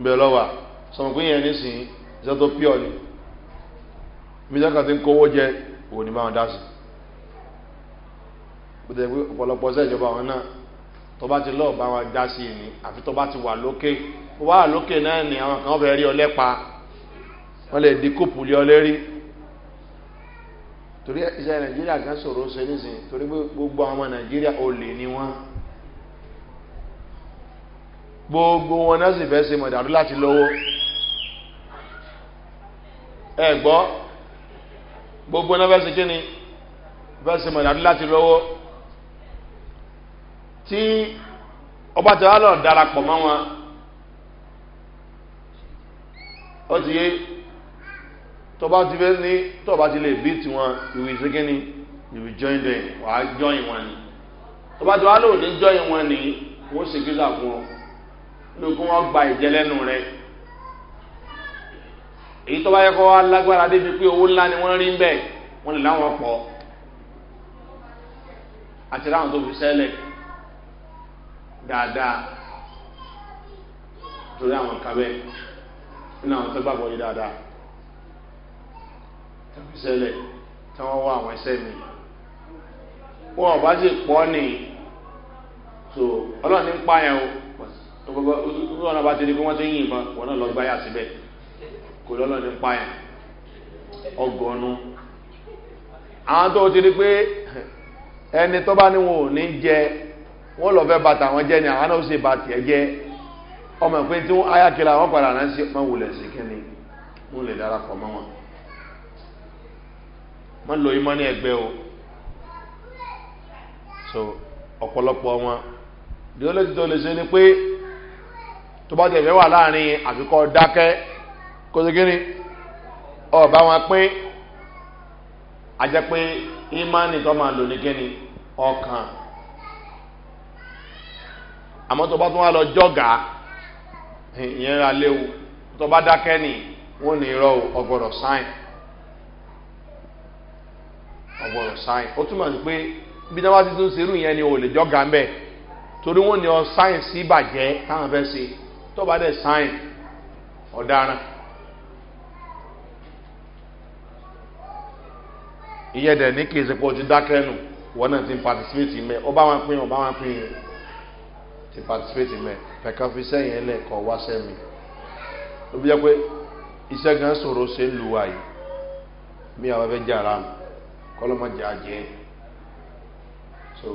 bẹ́ẹ̀ lọ́wọ́ sọ̀rọ̀kún yẹn nísìn iṣẹ́ tó pí ọ̀nì mílíọ̀kà tí ń kówó jẹ òní máa dá sí bùtẹ̀ pé ọ̀pọ̀lọpọ̀ sí ìjọba àwọn náà tó ti lọ́ọ̀ bá wọn dá sí ìní àfi tó ti wà lókè wà lókè náà ni àwọn kan fẹ́ rí ọlẹ́pa wọ́n lè di kóòpù lé ọlẹ́rí torí iṣẹ́ nàìjíríà kan sọ̀rọ̀ ṣe nísìn torí pé gbogbo àwọn nàìjíríà olè ni wọ́n gbogbo wọn náà sì fẹ́ ṣe mọ̀dàrú láti lọ́wọ́ ẹ gbọ́ gbogbo náà fẹ́ẹ́ ṣe kí ni fẹ́ẹ́ ṣe mọ̀nà láti lọ́wọ́ tí ọba tí wàá lọ darapọ̀ mọ́ wọn ó ti yé tọba ti fẹ́ ní tọba ti lè bí tiwọn ìwé ṣe ni ìwé join them wàá join wọn ni tọba tí wàá lò ní join wọn ni wọ́n ṣe gbé sàkún ọ lókun wọn gba ìjẹ́lẹ́nu rẹ̀ èyí tó bá yẹ kó wá lágbára débi pé owó ńlá ni wọ́n rí ń bẹ̀ wọ́n lè láwọn pọ̀ àti láwọn tó fi sẹ́lẹ̀ dáadáa torí àwọn nǹkan bẹ́ẹ̀ nínú àwọn tó gbàgbọ́ yìí dáadáa tó fi sẹ́lẹ̀ tí wọ́n wá àwọn ẹsẹ̀ mi wọn ò bá sì pọ̀ ni so ọlọ́ọ̀ni ń pààyàn o gbogbo ọ̀nà bá ti di pé wọ́n ti ń yìnbọn wọn náà lọ gbáyà síbẹ̀ kò lọ́lọ́ nípa ẹ̀ ọgọ́nu àwọn tó ti rí pé ẹni tó bá ní wọn ò ní jẹ wọn lọ fẹ́ bàtà wọn jẹ ni àwọn náà ó ṣe bàtì ẹ jẹ ọmọ ìpín tí wọn ayákẹlẹ àwọn padà náà ṣe máa wulẹ̀ sí kíni wọn lè darapọ̀ mọ́ wọn wọn lò ìmọ̀ ní ẹgbẹ́ o so ọ̀pọ̀lọpọ̀ wọn ìdíwọ́lẹ́tì tó lè ṣe ni pé tó bá tẹ̀lé wà láàrin àfikọ́ dákẹ́. kò sí kí ni ọba wọn pé ajẹ́ pé ìmánì tó máa lò ní kí ni ọkàn àmọ́ tó bá tún wá lọ jọ́gà ìyẹn ra léwu tó bá dákẹ́ nì wọ́n ní irọ́ ọgbọ̀rọ̀ sáìn ọgbọ̀rọ̀ sáìn ó túmọ̀ sí pé bí náà wá ti tún serú yẹn ni ò lè jọ́gà ń bẹ̀ torí wọ́n ní ọ sáìn sí ìbàjẹ́ táwọn fẹ́ ṣe tó bá dẹ̀ sáìn ọ̀daràn. ìyẹn dẹ̀ ní kì í ṣe pé ojú dákẹ́ nù wọn náà ti participate mẹ́ ọba wọn pín ọba wọn pín ti participate mẹ́ pẹ̀ka fi sẹ́yìn ẹlẹ́kọ̀ọ́ wá sẹ́mi ló fi jẹ́ pé iṣẹ́ gan sòro ṣe ń lu wa mi àwọn fẹ́ jẹ́ ara mi kọ́lọ́mọ jẹ́ àjẹ́ so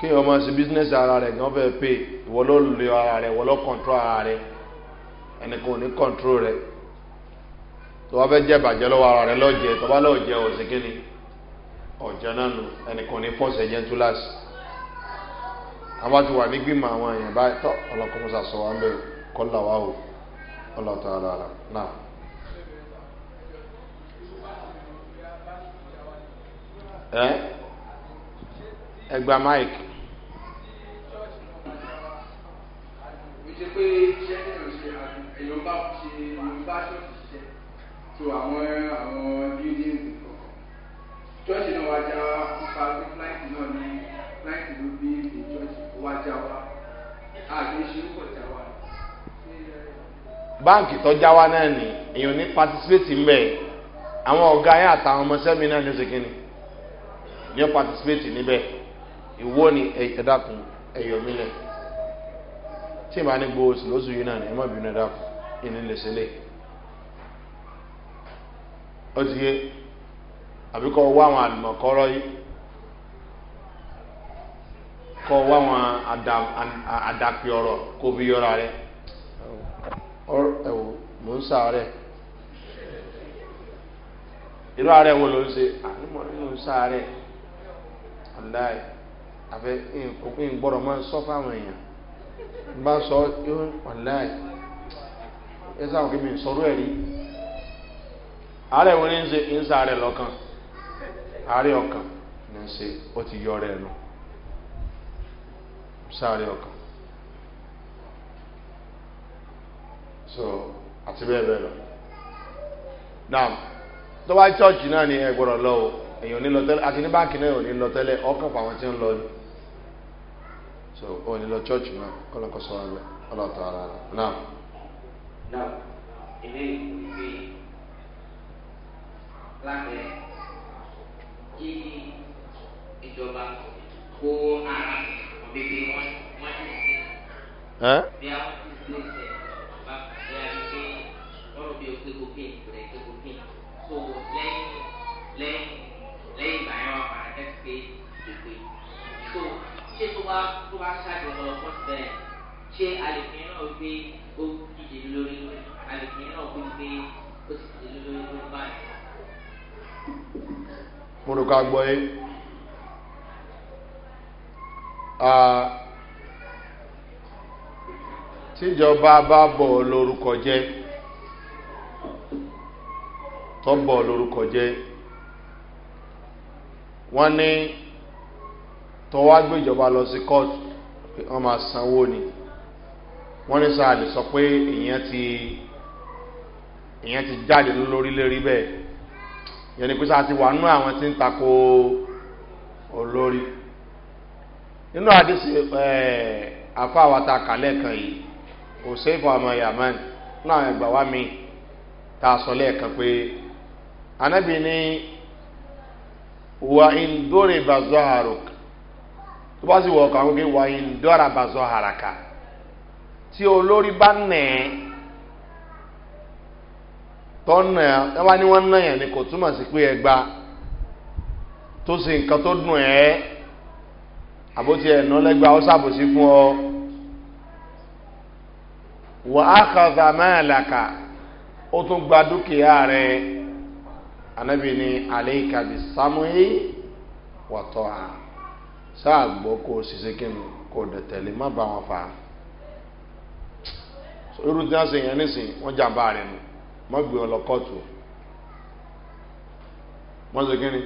kí ọmọ ṣe business ara rẹ̀ gan fẹ́ pay ìwọ ló ara rẹ̀ ìwọ control ara rẹ̀ ẹnìkan ò ní control rẹ̀ tó bá fẹ́ jẹ́ bàjẹ́ lọ́wọ́ ara rẹ lọ́jẹ́ tó bá lọ́jẹ́ ọ̀sẹ̀ kínní ọ̀jẹ́ náà nù ẹnìkan ní fọ́ọ̀sẹ̀ jẹ́ túláàsì àwọn ti wà ní gbìmọ̀ àwọn èèyàn báyìí tọ́ ọlọ́kọ̀ọ́sà sọ wá ń bẹ̀rù wa o ọlọ́tọ̀ ara náà. ẹ ẹgbà mike. ṣe ṣẹ́yìn ọ̀sẹ̀ àti èèyàn bá ṣe yorùbá ṣọ́ọ̀ṣì so àwọn àwọn buildings kọ̀ọ̀kan church náà wá já ipa pé flight náà ní flight ló bí the church wá já wa àbí ṣe ń pọ̀ já wa. báǹkì tó já wa náà ni èèyàn ní participate ń bẹ̀ àwọn ọ̀gá yẹn àtàwọn ọmọọṣẹ́ mi náà ní oṣù kínní ní ó participate níbẹ̀ ìwọ ni ẹ̀dàkùn ẹ̀yọ̀mílẹ̀ tí ìbá ní gbòòsì lóṣù yìí náà ni ẹ má bínú ẹ̀dàkùn ìnílẹ̀ṣẹ̀lẹ̀. ó ti yé àbí kọ́ wá àwọn àlùmọ̀kọ́rọ́ yìí kọ́ wá àwọn àdàpì ọ̀rọ̀ kó fi yọra rẹ̀ ẹ̀wò mò ń sá rẹ̀ irú ààrẹ wo ló ń ṣe ànímọ̀ nínú máa ń sọ fáwọn èèyàn bá sọ yóò ẹ sáwọn kí mi sọrọ ààrẹ wo ní ń ṣe ń sa ààrẹ lọ́kàn ààrẹ ọkàn ní ń ṣe ó ti yọ rẹ̀ nù sáré ọkàn so àti bẹ́ẹ̀ bẹ́ẹ̀ lọ now tó bá chọ́ọ̀chì náà ni ẹ gbọ́dọ̀ lọ o èyàn ní lọ tẹ́lẹ̀ àti ní báńkì náà ní lọ tẹ́lẹ̀ ọkàn tí ń lọ ni so ní lọ chọ́ọ̀chì náà sọ ọ́ ara rẹ̀ now. now ilé ìwé lábẹ́ kí ìjọba kó ara bèbè wọn wọn ti ṣe. bí a ti ṣe ṣe bá ṣe a ṣe lọ́rùn bí o pé kokéè rẹ̀ pé kokéè so lẹ́yìn lẹ́yìn lẹ́yìn ìgbà yẹn wọn máa jẹ́ pé so ṣé tó bá tó bá ṣáàjọ lọ fún bẹ́ẹ̀ ṣé alèkùnrin náà gbé ó dìde lórí alèkùnrin náà gbé ó sì dìde lórí ló bá múrùká gbọ́yé tíjọba bá bọ̀ lórúkọ jẹ́ tọ́bọ̀ lórúkọ jẹ́ wọ́n ní tọwá gbéjọba lọ sí kóòtù pé wọ́n máa sanwó ni wọ́n ní sáà lè sọ pé èèyàn ti èèyàn ti jáde lórí lérí bẹ́ẹ̀ yẹn ni ti wà nú àwọn tí ń tako olórí nínú àdísì afáwàta eh, kàlẹ́ kan yìí òsèfò ọmọ yamani náà ẹgbà wá mi ta sọ lẹ́ẹ̀kan pé anábì ní wà ìndóre bazọ́ àròkà tó bá sì wọ̀ ọkọ̀ àwọn gbé wà ìndóra àràkà tí olórí tọ́nà ẹ wá ní wọ́n náyàn ni kò túmọ̀ sí pé ẹ gba tó sì nǹkan tó dùn àbótí ẹ̀nà sí fún ọ wà á kàdà máa làkà ó tún gba dúkìá wà a sáà gbọ́ kó o ṣiṣẹ́ kí ni kó dẹ̀tẹ̀lé má bá wọn fà á irú wọ́n gbé ọ lọ kóòtù wọ́n ṣe kí ni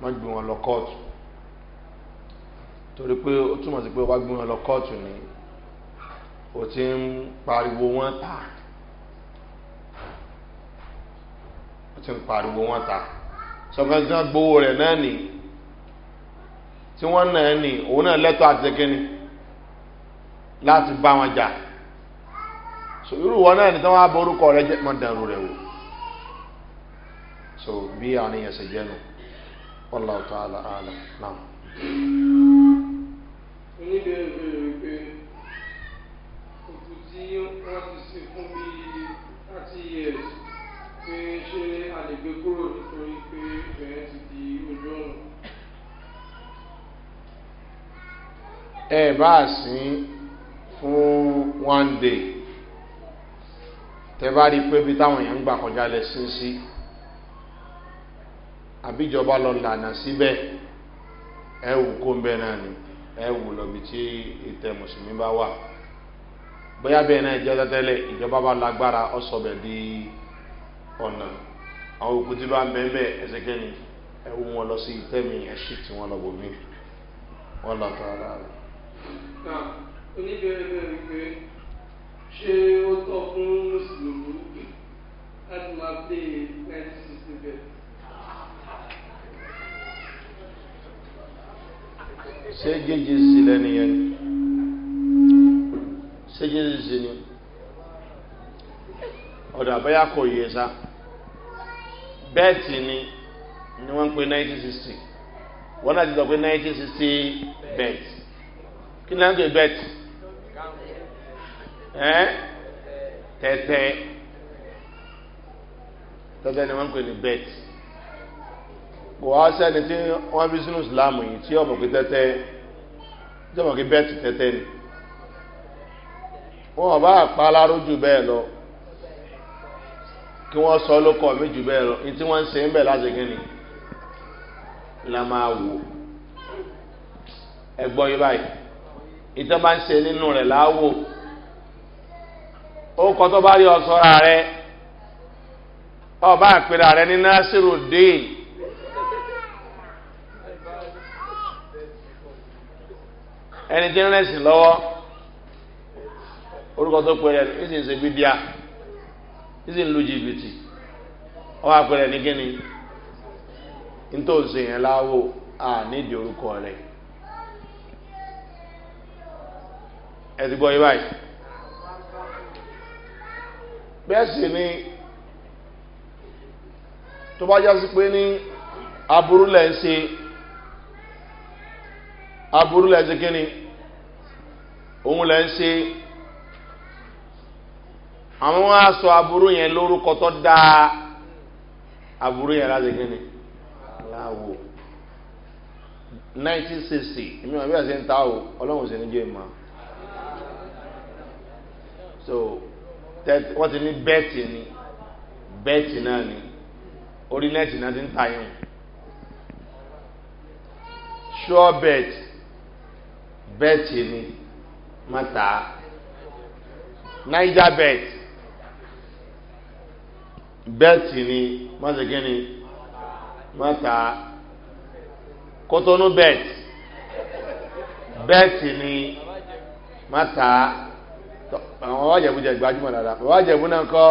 wọ́n gbé wọn lọ kóòtù torí pé ó túmọ̀ sí pé wọ́n gbé wọn lọ kóòtù ni ó ti ń pariwo wọ́n ta ó ti ń pariwo wọ́n ta sọ̀kan tí wọ́n gbowó rẹ̀ náà nì tí wọ́n náà nì òun náà lẹ́tọ̀ọ́ àti kí ni láti bá wọn jà so irú wọn náà ní tí wọn á bọ orúkọ rẹ jẹ mọ dàrú rẹ wò so bí àwọn èèyàn ṣe jẹ nù wallahu ta'ala àlà náà. oníbẹ̀rẹ̀ bẹ̀rẹ̀ pé òkú tí wọ́n ti sin fún bí thirty years pé ṣé a lè gbé kúrò nítorí pé ìbẹ̀rẹ̀ ti di ojú ọ̀nà. ẹ bá a sìn fún one day. tẹ́bá rí pé bí táwọn èèyàn ń gbà kọjá lẹ àbíjọba lọ lànà síbẹ̀ ẹ wù kó ń bẹ náà ni ẹ wù lọ́bi tí ìtẹ̀ mùsùlùmí bá wà bóyá bẹ́ẹ̀ náà ìjọba tẹ́lẹ̀ ìjọba bá lágbára ọ̀sọ̀bẹ̀ di ọ̀nà àwọn òkú tí bá ń bẹ́ẹ̀ bẹ́ẹ̀ ẹsẹ̀ kẹ́ni ẹ wù wọn lọ sí tí lọ bò mí lọ ara oníbẹ̀rẹ̀ bẹ̀rẹ̀ ṣé ó tọ́ fún mùsùlùmí láti máa pé nineteen sixty bẹ́ẹ̀. ṣé jíjí sílẹ̀ nìyẹn ṣé jíjí sí ni ọ̀dọ̀ àbáyá kò yẹ e sá bẹ́ẹ̀tì ni ni wọ́n ń pè nineteen sixty wọ́n náà ti sọ pé nineteen sixty Bet? kí ni wọ́n ń pè bẹ́ẹ̀tì ẹ tẹtẹ tẹtẹ ni wọn pè ní bet kò wá sẹni tí wọn bí sínú islam yìí tí ọmọ kí tẹtẹ tí ọmọ kí bet tẹtẹ ni wọn bá pa alárújù bẹẹ lọ kí wọn sọ lóko mi jù bẹẹ lọ ní tí wọn ń se ń bẹ láti kí ni la máa wò ẹ gbọ́ yí báyìí ìtọ́ bá ń se nínú rẹ̀ láwò. ó kọ́ tó bá rí ọ̀sọ́ra rẹ ọba àpèrà rẹ ní násìrò déè ẹni tí ń rẹ̀sìn lọ́wọ́ orúkọ tó pè rẹ ní ṣe bí díà ní lu jìbìtì ọba ní kíni yẹn bẹ́ẹ̀ sì ni tó bá jásí pé ní aburú lẹ̀ ń ṣe aburú lẹ̀ ń ṣe kí ni òun lẹ̀ ń ṣe àwọn aṣọ aburú yẹn lórúkọ tó dáa aburú yẹn láti kí ni nineteen sixty èmi wọn bí wàá ṣe ń ta o ọlọ́run sì ní jẹ́ ìmọ̀ so. wọ́n ti ní bẹ́ẹ̀tì ni bẹ́ẹ̀tì náà ni orí nẹ́ẹ̀tì náà ti ń tayọ̀ sure bet bẹ́ẹ̀tì ni niger bet bẹ́ẹ̀tì ni mọ́sẹ̀kí ni mọ́ta kótónú àwọn bàbá àjẹ̀bú jẹ́ gbajúmọ̀ dáadáa bàbá náà kọ́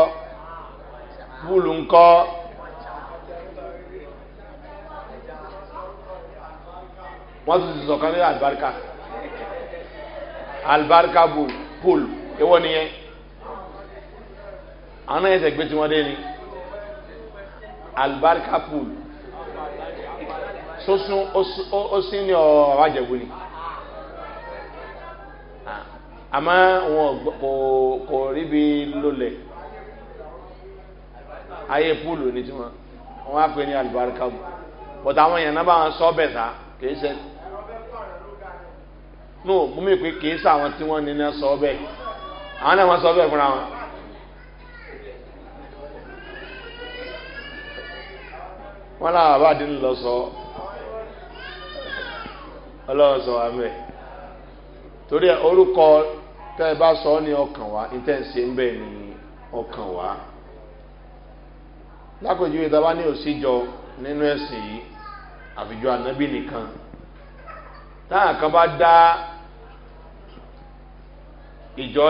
púùlù ń kọ́ wọ́n tún ti sọ̀kan ní àlùbáríkà àlùbáríkà bò ewọ́ nìyẹn àwọn náà ẹsẹ̀ gbé tí wọ́n dé ni àlùbáríkà púùlù sosun ó sí ní ọ̀rọ̀ àjẹ̀bú ni àmọ́ wọn kò ríbi lólẹ̀ ayé púùlù ní tiwọn wọn á pè ní alùbáríkà bù bọ̀tà àwọn èèyàn náà bá wọn sọ bẹ̀ sá kì í ṣe nù múmi pé kì í sàwọn tí wọ́n ní sọ bẹ́ẹ̀ àwọn náà wọ́n sọ bẹ́ẹ̀ fúnra wọn. wọn náà bàbá dín lọ sọ ọlọ́run sọ wa mẹ́ẹ̀ torí orúkọ tẹ́ ẹ bá sọ ọ́ ní ọkàn wá ní ń ní ọkàn wá bá ní òsíjọ nínú ẹ̀sìn yìí àfijọ́ ànábì nìkan kan bá dá ìjọ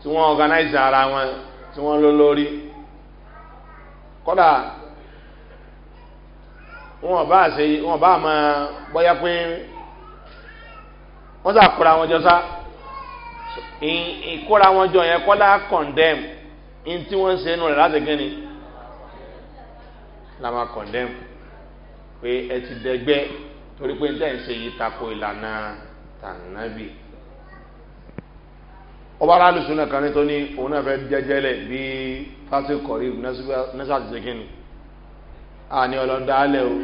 tí wọ́n organize ara wọn tí wọ́n ló lórí kọ́dà wọn bá ṣe wọn bá bọ́yá pé wọ́n ìkóra wọn jọ yẹn kọ́lá condemn in tí wọ́n ń ṣe nù rẹ̀ láti gẹ́ni la máa condemn pé ẹ ti dẹgbẹ́ torí pé níta ìṣe yìí tako ìlànà tànàbì ọba aláàlùsùn náà kan ní tó ní òun náà fẹ́ jẹ́jẹ́lẹ̀ bí fásitì kọ̀rí nẹ́sàtì ṣe gẹ́ni àní ọlọ́dà alẹ́ o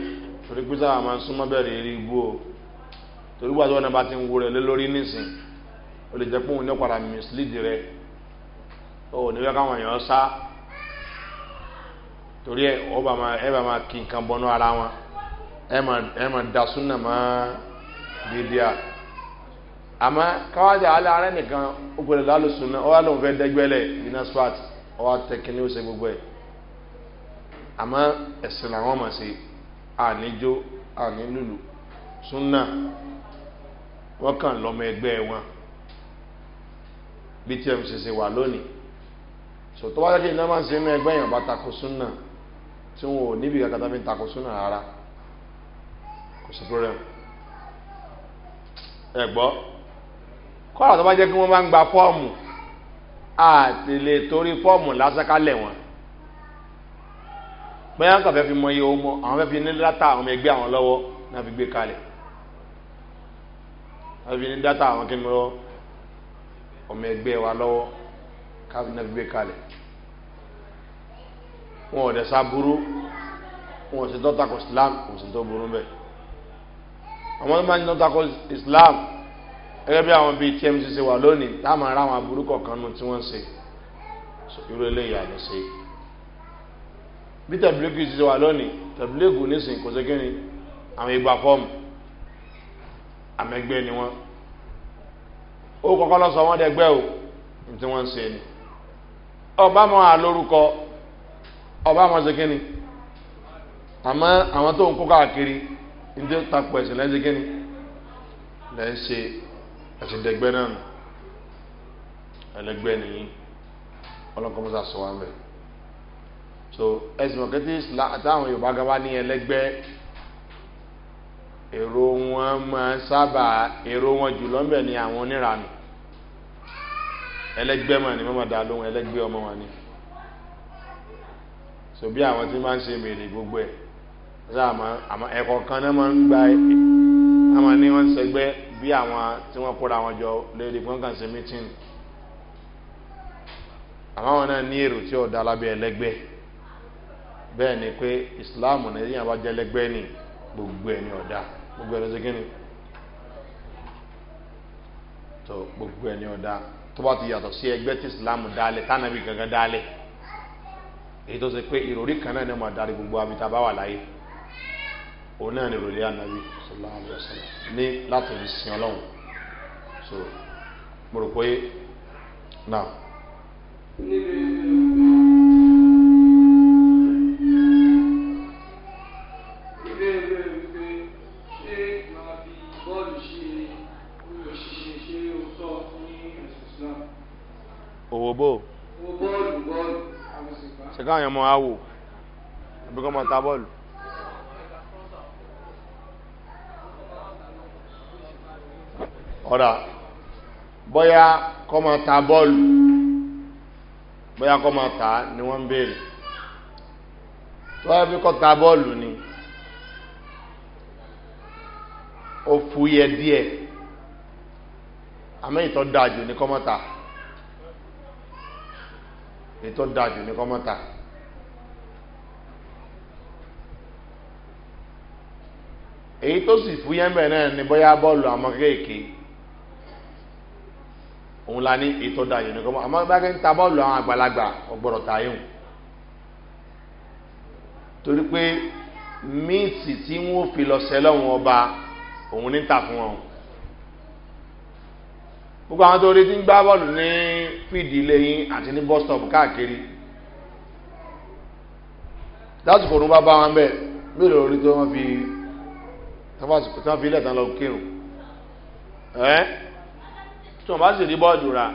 torí pé sábà máa ń súnmọ́ bẹ̀rẹ̀ eré ibú o torí pàtó ọ̀nà bá ti ń wo rẹ̀ lé lórí nísìnyí. o lè jẹ́ pé òun ní padà mislead rẹ̀ o káwọn èèyàn sá torí ẹ ọ ma ẹ bá kí nǹkan ara wọn ẹ ma ẹ ma da súnà mọ́ dídí à àmọ́ káwájà alẹ́ ara nìkan ó gbọdọ̀ lálùsùn náà ó wá lóun fẹ́ dẹ́gbẹ́lẹ̀ iná swat ó ó ṣe gbogbo ẹ̀ àmọ́ làwọn àníjó súnà kàn bí tmcc wà lónìí so tó bá jẹ́ kí iná máa ń se inú ẹgbẹ́ èèyàn bá takò súnà tí wọn ò níbi kankan tàbí takò súnà rárá kò sí problem ẹ̀gbọ́ kọ́ra tó bá jẹ́ kí wọ́n máa ń gba fọ́ọ̀mù àti lè torí fọ́ọ̀mù lásàkálẹ̀ wọn bóyá nǹkan fẹ́ fi mọ iye ọmọ àwọn fẹ́ fi ní dátà àwọn ẹgbẹ́ àwọn lọ́wọ́ náà fi gbé kalẹ̀ wọ́n fi ní dátà àwọn kí ni lọ́wọ́ ọmọ ẹgbẹ́ wa lọ́wọ́ káfíńtà gbé kalẹ̀ wọn ò dẹ̀ sá burú wọn ò sì dọ́ta kọ islam kò sì tó burú bẹ́ẹ̀ àwọn tó máa ń islam gẹ́gẹ́ bí àwọn bíi tmc ṣe wà lónìí tá a máa ra àwọn aburú kọ̀ọ̀kan nu tí wọ́n ń ṣe irú eléyìí àlọ́ ṣe bí tẹ̀bílẹ́kù ṣe wà lónìí tẹ̀bílẹ́kù nísìnyí kò ṣe kí ni àwọn ìgbà fọ́ọ̀mù àmẹ́gbẹ́ ni wọ́n ó kọ́kọ́ lọ sọ wọ́n dẹgbẹ́ o tí wọ́n ń se ni ọba mọ àlórúkọ ọba mọ sekeni àmọ́ àwọn tó ń kó káàkiri ní takò ẹ̀sìn lẹ́yìn sekeni lẹ́yìn se ẹ̀sìn dẹgbẹ́ náà nù ẹlẹgbẹ́ nìyí ọlọ́kọ́mọ́sá sọ wá mẹ́ so ẹ̀sìn ọ̀kẹ́tì táwọn yorùbá gaba ní ẹlẹgbẹ́ èrò wọn máa sábà èrò wọn jùlọ ń bẹ̀ ní àwọn oníranù Elegbe mà ní mọ́mọ́ dá lóhun ẹlẹgbẹ́ ọmọ wa ni so bí àwọn tí máa ń ṣe mèrè gbogbo ẹ̀ sáà àmọ́ ẹ̀kọ́ kan náà máa ń gba àmọ́ ní wọ́n ń bí àwọn tí wọ́n kóra wọn jọ kàn ṣe àwọn náà ní èrò tí ni pé ìsìláàmù na yíyan bá jẹ́ ni gbogbo ẹ̀ ní gbogbo ẹ̀ ló ṣe kí gbogbo tó bá ti yàtọ̀ sí ẹgbẹ́ tí ìsìlámù dálẹ̀ tánàbí gangan dálẹ̀ èyí tó ṣe pé ìròrí kan náà ni ọmọ adarí gbogbo àmì tá a bá wà láyé òun náà ni ìròrí ànábì sallallahu alayhi wa sallam ní láti fi sin ọlọ́run so mo rò pé náà. se ṣe káwọn ọmọ àwò àbí kọ́ mọ̀ ta bọ́ọ̀lù. ọ̀dà bọ́yá kọ́ mọ̀ ta bọ́ọ̀lù bọ́yá kọ́ mọ̀ ta ni wọ́n ń béèrè tó wáyé fi kọ́ ta bọ́ọ̀lù ni ó fúyẹ́ díẹ̀ àmì ìtọ́ dáa jù ní kọ́mọ́ta ètò dájú ní kọ́mọ́ta èyí tó sì fúyẹ́ bẹ̀ náà ni bóyá bọ́ọ̀lù àmọ́ kéèké òun la ní ètò dájú ní kọ́mọ́ta àmọ́ bá kí ń ta bọ́ọ̀lù àwọn àgbàlagbà ọgbọ̀rọ̀ tààyùn torí pé míìtì tí wọ́n fi lọ sẹ́lọ́wọ́n ọba òun ní ta fún wọn. gbogbo àwọn tó rí ti ń gbá bọ́ọ̀lù ní fídì ilé yín àti ní bus stop káàkiri bá bá wọn bẹ́ẹ̀ mélòó lórí tí fi tafasìkò tí wọ́n fi lẹ́tàn lọ kírun ẹ́ tí wọ́n bá sì rí bọ́ọ̀dù rà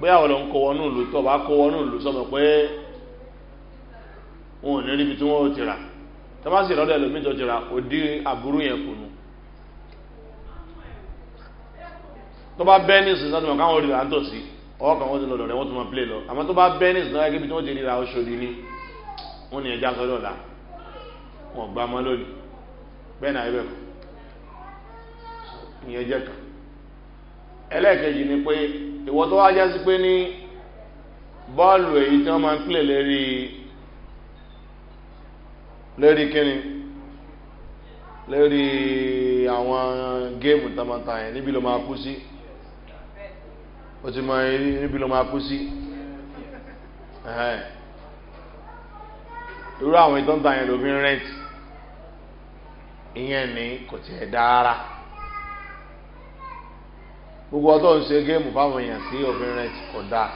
bóyá wọ́n lọ ń kó ìlú tó bá kó ìlú sọ́mọ pé wọn ò ní tí wọ́n ti rà tó bá bẹ́ẹ̀ ní ìsìn sọ́dún mọ̀ káwọn olùrà ń tò sí ọwọ́ kan wọ́n ti lọ́dọ̀ rẹ̀ wọ́n tún máa play lọ àmọ́ tó bá bẹ́ẹ̀ ní ìsìn sọ́dún ibi tí wọ́n ti ríra oṣù òdì ni wọ́n ní ẹja sọ́dọ̀ ọ̀la wọn gba ọmọ lónìí bẹ́ẹ̀ náà ibẹ̀ kọ́ ìyẹn jẹ́ kan ẹlẹ́ẹ̀kejì ni pé ìwọ tó wá jásí pé ní bọ́ọ̀lù èyí tí wọ́n máa ń play lérí lérí kíni lérí àwọn géèmù tamata yẹn níbi ló máa kú sí. Si ó ti mọ eré níbi ló máa kú sí irú àwọn ìtọ́ntà yẹn ló fi ń rẹ́ǹtì ìyẹn ní kò tiẹ̀ dára gbogbo ọtọ́ ń ṣe géèmù fáwọn èèyàn sí òfin rẹ́ǹtì kò dáa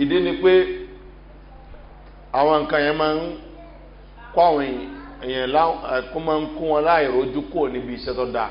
ìdí ni pé àwọn nǹkan yẹn máa ń kó àwọn èèyàn láwọn kó máa ń kó wọn láì rojú kúrò níbi iṣẹ́ tó dáa.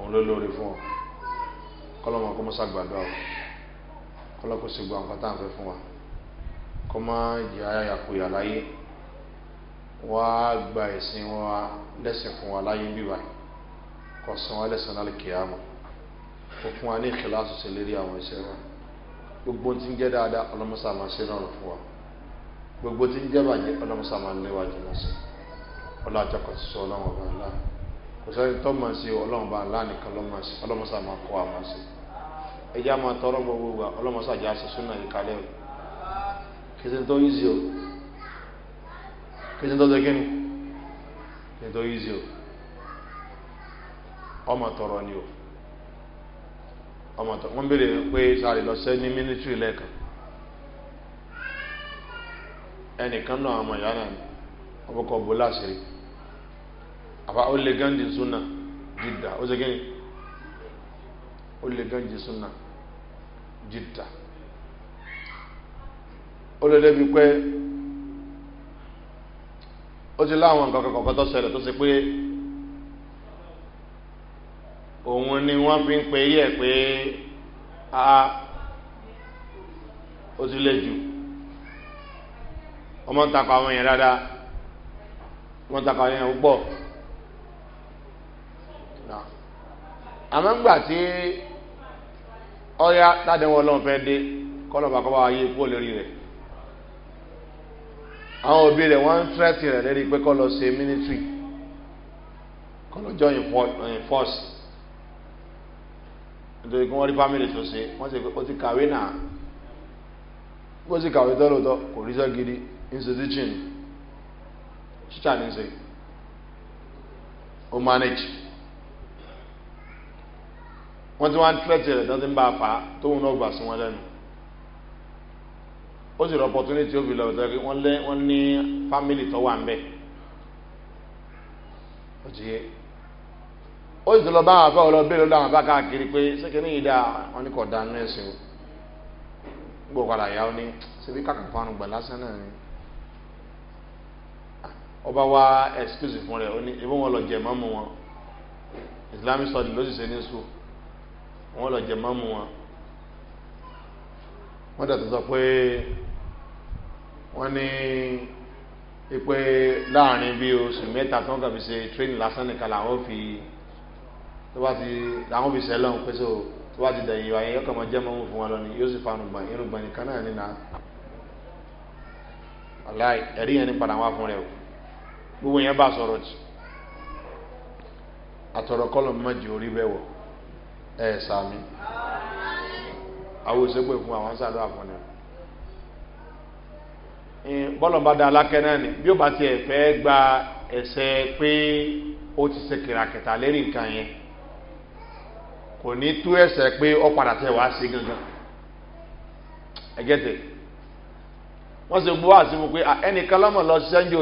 òun ló lóore fún ọ kọlọmọ kó mọ́sá gbàdúrà o kọlọkó sì gba nǹkan tá à ń fẹ́ fún wa kọ má jẹ ayàkuyà láyé wá gba ẹ̀sìn wa lẹ́sìn fún wa láyé bíbá kọ san wa lẹ́sìn náà kìá mọ́ kó fún wa ní ìkìlá àtúnṣe lérí àwọn iṣẹ́ wa gbogbo tí ń jẹ́ dáadáa ọlọ́mọsá máa ṣe náà fún wa gbogbo tí ń jẹ́ bàjẹ́ ọlọ́mọsá máa ń léwájú náà sí ọlọ́àjọkọ̀ sísọ ọlọ́wọ́n ọba ńlá. òsèlè tó máa ṣe ọlọ́run bá lánìkan ọlọ́mọsá máa kọ́ ẹjẹ́ tọrọ gbogbo wa súnà o kìsìn tó yí sí o kìsìn tó kìsìn tó tọrọ ni o ọmọ tọrọ wọn pé sáré lọ sẹ ní ẹnìkan náà ọmọ ìyá náà aba ó lè gán di súnà jìdá ó ṣe kí ni ó lè gán di súnà jìdá ó lè débi pé ó ti láwọn nǹkan kankan kan tó ṣẹlẹ̀ tó ṣe pé òun ni wọ́n fi ń pe yẹ pé a ó ti lè jù ọmọ ń takọ àwọn yẹn dáadáa wọ́n takọ àwọn yẹn púpọ̀. àmọ́ ńgbà tí ọ̀ya ládẹ́wọ̀n ọlọ́run fẹ́ dé kọ́lọ́ba kọ́ bá wáyé kó lórí rẹ̀ àwọn òbí rẹ̀ wọ́n ń tẹ́tì rẹ̀ lérí pé kọ́ lọ ṣe mínísírì kọ́ lọ jọ in eh, force nítorí kí wọ́n rí fámìlì tó ṣe wọ́n ṣe pé ó ti kàwé náà bó ti kàwé tó lóòótọ́ kò rí sọ́ gidi institution teacher ní ṣe ó manage wọ́n ti wá ń tẹ́tì rẹ̀ tán ti ń bá a fà á tóun náà gbà sún wọn lẹ́nu ó sì rọ opportunity ó fi lọ sọ pé wọ́n ní family tó wà ń bẹ̀ ó ti yé ó sì lọ bá àwọn afẹ́ ọlọ́ bẹ́ẹ̀ ló dáhùn bá káàkiri pé ṣéke ní ìdá wọn ní kò dá nínú ẹ̀sìn o gbogbo padà yá ó ní ṣebí kàkà fáwọn gbà lásán náà ni ọba wa excuse fún rẹ̀ ó ní ebí wọn lọ jẹ̀ mọ́mú wọn islamic study ló sì ṣe ní school wọ́n lọ jẹ mọ́mú wọn wọ́n dẹ̀ tó sọ pé wọ́n ní ipe láàrin bí oṣù mẹ́ta tí wọ́n kàn fi ṣe tírénì lásán nìkan làwọn fi tó bá ti làwọn fi sẹ́lọ̀ ń pèsè o tó bá ti dẹ̀yìn ìwà yẹn ọkàn mọ́ jẹ́ mọ́mú fún wọn lọ yóò sì fa irùngbọ̀n irùngbọ̀n nìkan náà nínú aláì ẹ̀rí yẹn ní padà wá fún rẹ o gbogbo yẹn bá sọ̀rọ̀ jù àtọ̀rọ̀ kọ́lọ̀ mọ́jú orí bẹ́ẹ̀ wọ̀. ẹ ẹ sàmì àwọn òṣèpè fún àwọn sàdó bá da alákẹ́ náà ni bí ó bá tiẹ̀ fẹ́ gba ẹsẹ̀ pé ó ti ṣe kìràkìtà lérí nǹkan yẹn kò ní tú pé padà wá sí gangan ẹgẹ́tẹ̀ wọ́n sì gbọ́ àti wọ́n pé ẹnìkan lọ́mọ̀ lọ ṣiṣẹ́ ń jò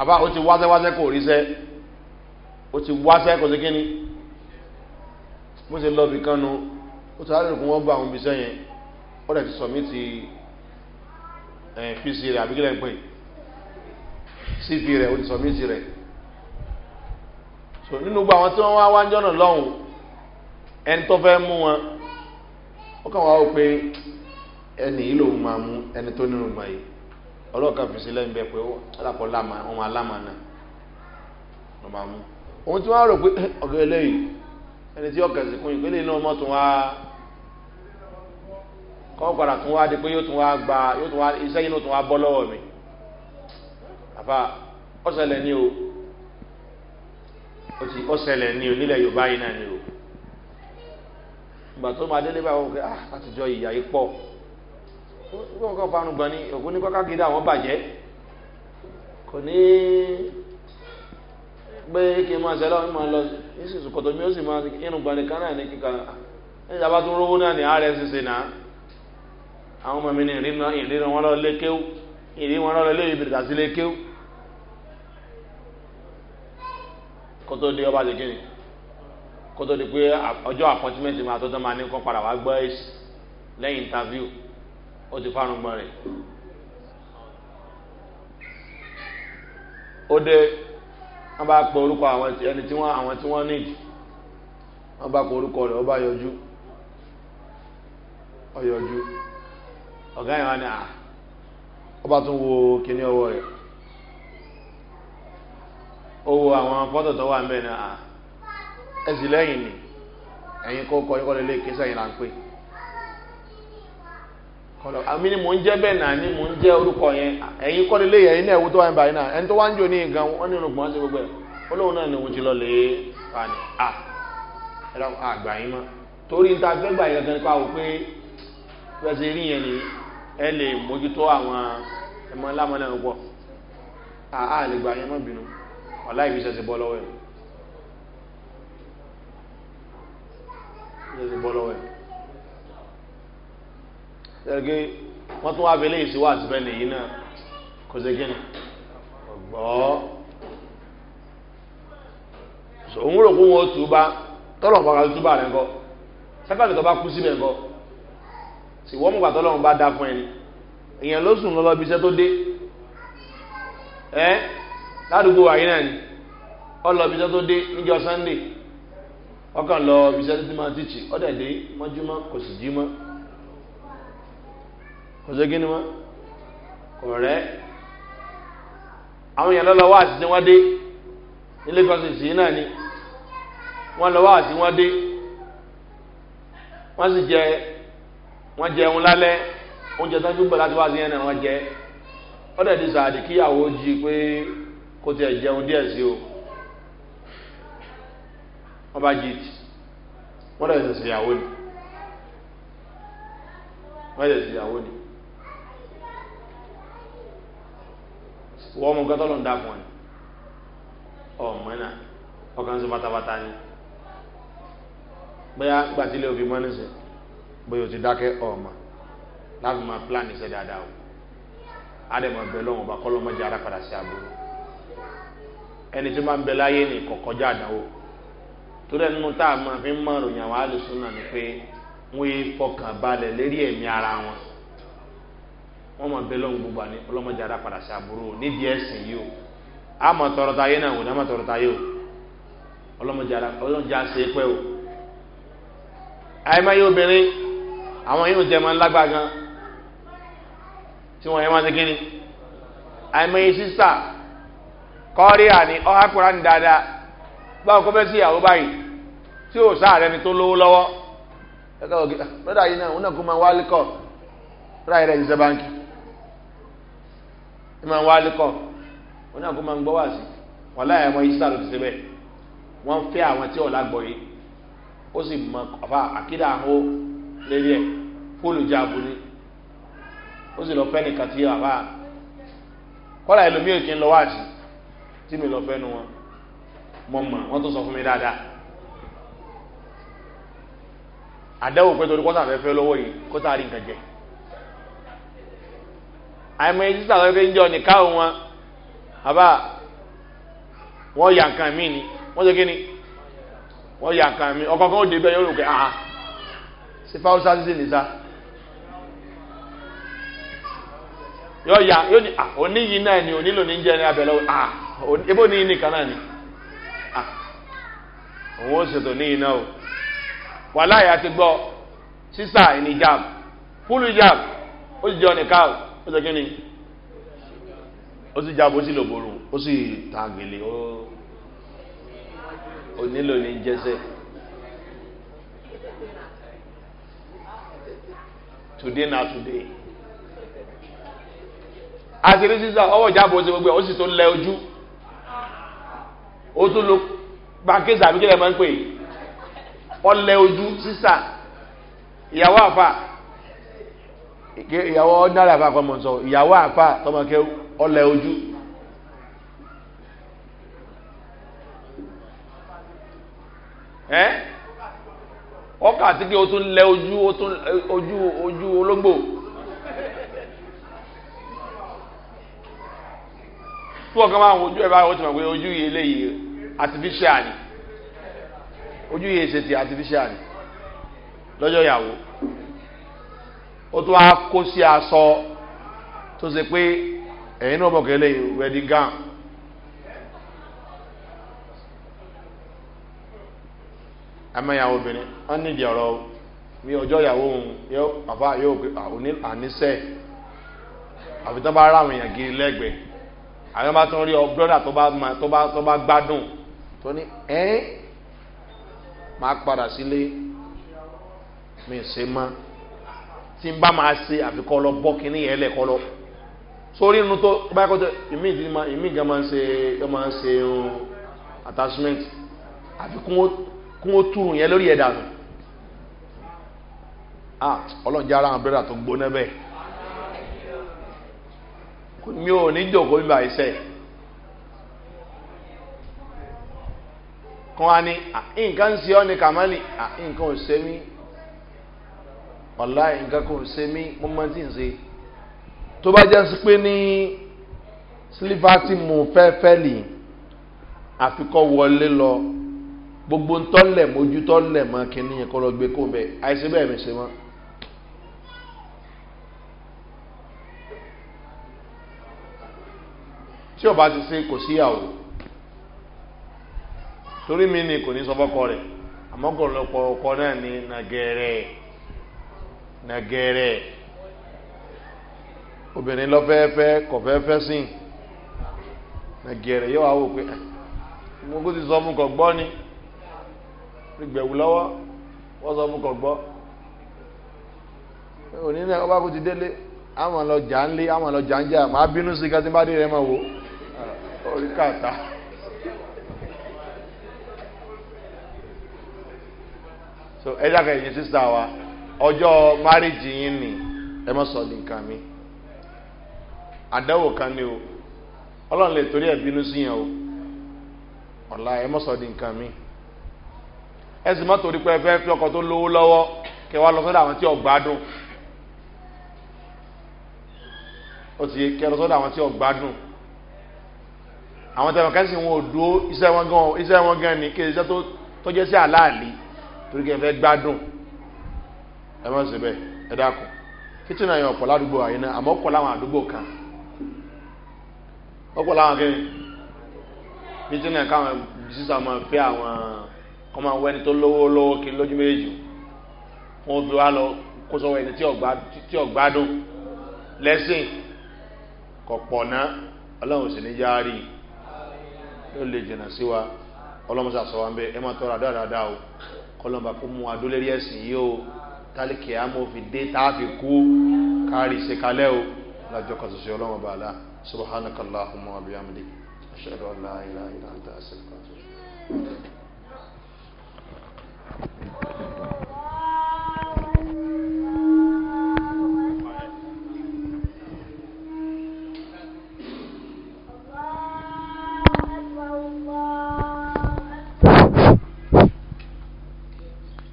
àbá ti wáṣẹ́ wáṣẹ́ kò ríṣẹ́ o ti wáṣẹ́ kò sí kíni. mo ṣe lọ bí kánú ó ti rárẹ̀ kún wọ́n bá àwọn ibiṣẹ́ yẹn ó dẹ̀ ti sọ̀mí ti pc rẹ̀ àbí kílẹ̀ ń cv rẹ̀ ó ti sọ̀mí ti rẹ̀ so nínú gbogbo àwọn tí wọ́n wá wá ń jọ́nà lọ́hùn ẹni tó fẹ́ mú wọn ó kàn wá ó pé ẹni yìí lòun máa mú ẹni tó nínú gbà yìí ọlọ́ọ̀kan fi sílẹ̀ ń bẹ pé ó alápọ̀ láma náà ló máa mú òun tí wọ́n á rò pé ọ̀gá eléyìí ẹni tí ọkàn sìnkún ìpínlẹ̀ náà mọ̀ tún wá kọ́ padà tún wá di pé yóò tún wá gba yóò tún wá iṣẹ́ yìí náà tún wá bọ́ lọ́wọ́ mi àbá ọ̀sẹ̀lẹ̀ ni o ó ti ọ̀sẹ̀lẹ̀ ni o nílẹ̀ yorùbá yìí náà ni o ìgbà tó máa délé báyìí wọ́n kẹ́ ah àtijọ́ ìyá yìí pọ̀ wọ́n kọ́ fanu gbani òkú ní kọ́kọ́ gidi àwọn bàjẹ́ kò ní pé kí n máa ṣe aláwọ̀ máa lọ nísìsiyìí sòkòtò mi ó sì máa irun gbani kan náà ní kíkà ẹ̀yìn tàbá tún rówó náà ní rscc náà àwọn ọmọ mi ní ìríran wọn lọ lé kéwú ìríran wọn lọ lé ibìrìtà sí lé kéwú kótó di ọba dèkìnì kótó di pé ọjọ́ àpọ́tímẹ́ntì máa tó tán máa ní kọ́ padà wá gbọ́ èsì lẹ́yìn ìntàvíù ó ti fárùn gbọ́n rẹ̀ ó dé wọ́n bá pọ orúkọ àwọn ẹni tí wọ́n àwọn tí wọ́n níìdì wọ́n bá pọ orúkọ rẹ̀ ọba yọjú ọyọjú ọ̀gá yẹn wá ní à ah. ọba tún wo kíní ọwọ́ rẹ̀ ó wo àwọn fọ́tò tó wà ń bẹ̀ ní à ah. ẹ̀sìn lẹ́yìn ni ẹ̀yin kó kọ́ ẹ̀yin kọ́ lélẹ́yìn kí sẹ́yìn là ń pè é. kọlọ àmì ni mò ń jẹ bẹ́ẹ̀ náà ni mò ń jẹ orúkọ yẹn ẹ̀yin kọ́ lélẹ̀ yẹn ní ẹ̀wù báyìí náà ẹni tó wá ń jò ní gan wọn ní olùgbọ́n ṣe gbogbo olóhùn náà ni òun ti lọ lè wà ní à ẹ̀rọ àgbà yín torí fẹ́ gbà yẹn pé fẹsẹ̀ rí yẹn ni ẹ lè mójútó àwọn ẹmọ lè gbà yẹn mọ́ bínú ọ̀la bọ́ lọ́wọ́ ẹ̀ tẹ̀lé wọ́n tún wá fi léyìí sí wá nìyí náà kò sí kíni ọ̀gbọ́ òun rò pé wọn tù bá tọ́lọ̀ pàkà tù bá rẹ̀ bá kú síbẹ̀ sì wọ́n mú pàtó lọ́run bá dá fún ẹni èèyàn ló sùn lọ́lọ́ bí iṣẹ́ tó dé ládùúgbò wàyí náà ni ọlọ́ bí iṣẹ́ tó dé níjọ ọkàn lọ bí iṣẹ́ tó kò sí gíní wọn kò rẹ àwọn èèyàn lọ́lọ́ wá àti wọn dé ilé kọ́sì sí náà ni wọ́n lọ́wọ́ àti wọn dé wọ́n sì jẹ wọ́n jẹ ohun lálẹ́ oúnjẹ tó ń gbígbọ́ láti wá sí yẹn náà wọ́n jẹ ọ̀dọ̀ ti sàdí kíyàwó jí pé kó tiẹ̀ jẹun díẹ̀ sí o wọ́n bá jí tì wọ́n dẹ̀ sì ṣèyàwó ni wọ́n dẹ̀ sì ṣèyàwó ni. wọ́n mú nǹkan tó lọ ń dá fún ẹ ọmọ náà ọkàn sọ bàtàbàtà ni bóyá gbàtílé òfin mọ́ nísìn bóyá o ti dákẹ́ ọmọ láti máa plan iṣẹ́ dáadáa o àdèmọ̀ bẹ lọ́wọ́ ọba kọ́ lọ́mọdé ara padà sí àbúrò ẹni tí máa ń bẹ láyé ní kọ̀kọ́jà àdánwò torí ẹni mú tá a máa fi ń mọ̀ ròyìn àwọn àlùsùn náà ni pé wọ́n yé fọkàn balẹ̀ lérí ẹ̀mí ara wọn wọn máa bẹ lọ́wọ́ gbogbo àní ọlọ́mọdé ara padà sí àbúrò nídìí ẹ̀sìn yìí o a máa tọrọ ta yé náà wò ní a máa tọrọ ta yé o ọlọ́mọdé ara ọlọ́mọdé ara ṣe é pẹ́ o. àyè máa yé obìnrin àwọn yóò jẹ máa ń lágbá gan tí wọ́n yẹ máa ṣe kíni àyè máa yé sísà kọ́rí àní ọ̀hákùnrin àní dáadáa báwo kọ́ fẹ́ sí ìyàwó báyìí tí ò sáà rẹni tó lówó lọ́wọ́ ẹ̀ka ah, ògì ẹ máa ń wá alikọ wọn náà kó máa ń gbọ́ wá sí wọn láyà ẹmọ isa ló ti ṣe bẹ́ẹ̀ wọ́n fẹ́ àwọn tí ọ̀la gbọ́ yìí ó sì mọ ọ̀fà àkídà ahó lérí ẹ̀ fóònù jẹ́ abúlé ó sì lọ fẹ́ nìkan tí ọ̀fà kọ́lá ẹlòmíì kì í lọ wá sí tí mi lọ fẹ́ nu wọn mọ̀ mọ̀ wọ́n tó sọ fún mi dáadáa àdáwò pé torí kọ́tà fẹ́ fẹ́ lọ́wọ́ yìí kọ́tà rí nǹkan jẹ́ àìmọye sísà lọ́wọ́ pé ń jọ nìka wọn àbá wọ́n yà nǹkan mí ni wọ́n ṣe kí ni wọ́n yà nǹkan mí ọ̀kọ̀ọ̀kan ó dé bẹ́ẹ̀ yóò rò pé àá sí fáwọ́sá sísè nìsa yóò yà yóò ní oníyì náà ni onílò ní jẹ́ ní abẹ́lẹ́ ah ebó ní nìkan náà ni ah òun ó ṣètò ní iná o wàhálà yà ti gbọ́ sísà ìní fúlù jàm ó sì jẹ́ ọ̀nìkan o ó ṣe kíni ó sì jábọ́ sí lòbòrò ó sì tàgèlè ó nílò ní jẹ́sẹ̀. today na today àṣírí sísá ọwọ́ ìjábọ̀ ṣe gbogbo ẹ̀ ó sì tún lẹ ojú ó tún lo pàkíyèsí àbíkẹ́lẹ̀ máa ń pè é ọlẹ ojú sísá ìyàwó àfà ìyàwó ọ̀dàrà àfa kọ́ mọ̀ sọ ìyàwó àfa tọmọkẹ́ ọlẹ̀ ojú. ọkà àti kí o tún lẹ ojú ojú ojú ológbò. tí wọ́n kàn máa ń ojú ẹ̀ báyìí ó ti mọ̀ pé ojú yìí eléyìí artificial ni ojú yìí ṣe ti artificial ni lọ́jọ́ ìyàwó ó tún wá kó sí aṣọ tó ṣe pé ẹ̀yin náà mọ̀kẹ́lẹ́ wedding gown. amáyàwó obìnrin wọn nídìí ọ̀rọ̀ mi ọjọ́ ìyàwó òun yóò bàbá yóò gbé àwọn àníṣe àfi tó bá rà àwọn èèyàn gírí lẹ́gbẹ̀ẹ́ àwọn bá tún rí ọ brọ́dà tó bá tó bá tó bá gbádùn tó ní ẹ́ máa padà sílé mi ṣe máa tí n bá máa ṣe àfikọ́ lọ bọ́ kínní yẹn lẹ́kọ́ lọ sórí inú tó báyìí kọ́tọ́ ìmí ìdí ma ìmí ìgbà máa ń ṣe yóò máa ń ṣe irun attachment àfi kún ó túrun yẹn lórí ẹ̀dà nù ah ọlọ́run jẹ́ ara àwọn brẹ́dà tó gbóná bẹ́ẹ̀ mi ò ní jòkó mi báyìí sẹ́ẹ̀ kan á ní ah, nǹkan ń ṣe ọ́ ní kàmáàlì ah, nǹkan ò ṣe mí ọ̀la nǹkan kò ṣe mí mo máa ti ń ṣe tó bá jẹ́ sí pé ní sílífà tí mo fẹ́ fẹ́ lì àfikọ́ wọlé lọ gbogbo ntọ́lẹ̀ mojú tọ́lẹ̀ mọ́ kínní yẹn kọ́ lọ gbé kó bẹ́ẹ̀ àìsí bẹ́ẹ̀ mi ṣe mọ́. tí ọba ti ṣe kò síyàwó torí mi ni kò ní sọ fọ́kọ rẹ̀ àmọ́ kò lọ́pọ̀ ọkọ náà ní nàgẹ́rẹ́ nàgẹ̀rẹ̀ obìnrin lọ́fẹ́ẹ́fẹ́ kọ̀fẹ́ẹ́fẹ́ sìn nàgẹ̀rẹ̀ yóò wá wò pé ah, mo kó ti sọ fún kọ̀ gbọ́ ni gbẹ̀wù lọ́wọ́ wọ́n sọ fún kọ̀ gbọ́ òní náà ọba kò ti délé àwọn lọ jà ń lé àwọn lọ jà ń jà máa bínú sí ká tí bá dé rẹ máa wò ah, orí kàtà. so ẹ dákẹ́ ìyẹn sísá wa ọjọ́ márìjì yín ni ẹ mọ́ sọ nìkan mi àdáwò kan ni o ọlọ́run lè torí ẹ̀ bínú sí yẹn o ọ̀la ẹ mọ́ sọ nìkan mi ẹ sì mọ́ torí pé ẹ fẹ́ fi ọkọ̀ tó lówó lọ́wọ́ kẹ wá lọ sọ́dọ̀ àwọn tí ò gbádùn ó ti kẹ lọ sọ́dọ̀ àwọn tí ò gbádùn àwọn tẹ̀wọ̀n kẹ́sì wọn ò dúró iṣẹ́ wọn gan iṣẹ́ wọn gan ni kí iṣẹ́ tó tọ́jẹ́ sí àláàlì torí kẹ fẹ́ gbádùn. ẹ ma ṣe bẹ ẹ dákun kitchen ayọ̀ ọ̀pọ̀ náà àdúgbò kan ọ̀pọ̀ láwọn kí kitchen ayọ̀ káwọn sísá máa fẹ́ àwọn ọmọ àwọn ẹni tó lówó lówó kí lójú méjì wọn fi wá lọ kó ẹni tí sì ní lè jìnnà sí wa sàṣọ wa ń bẹ ẹ má o kó tálíkì àmọ́ fi dé táàfi kú kárí ìṣekalẹ́ o lájọ́ kan ṣoṣo ọlọ́run bàálà subhanaka allahumma wa bihamdi ashhadu an la ilaha illa anta astaghfiruka wa atubu ilayk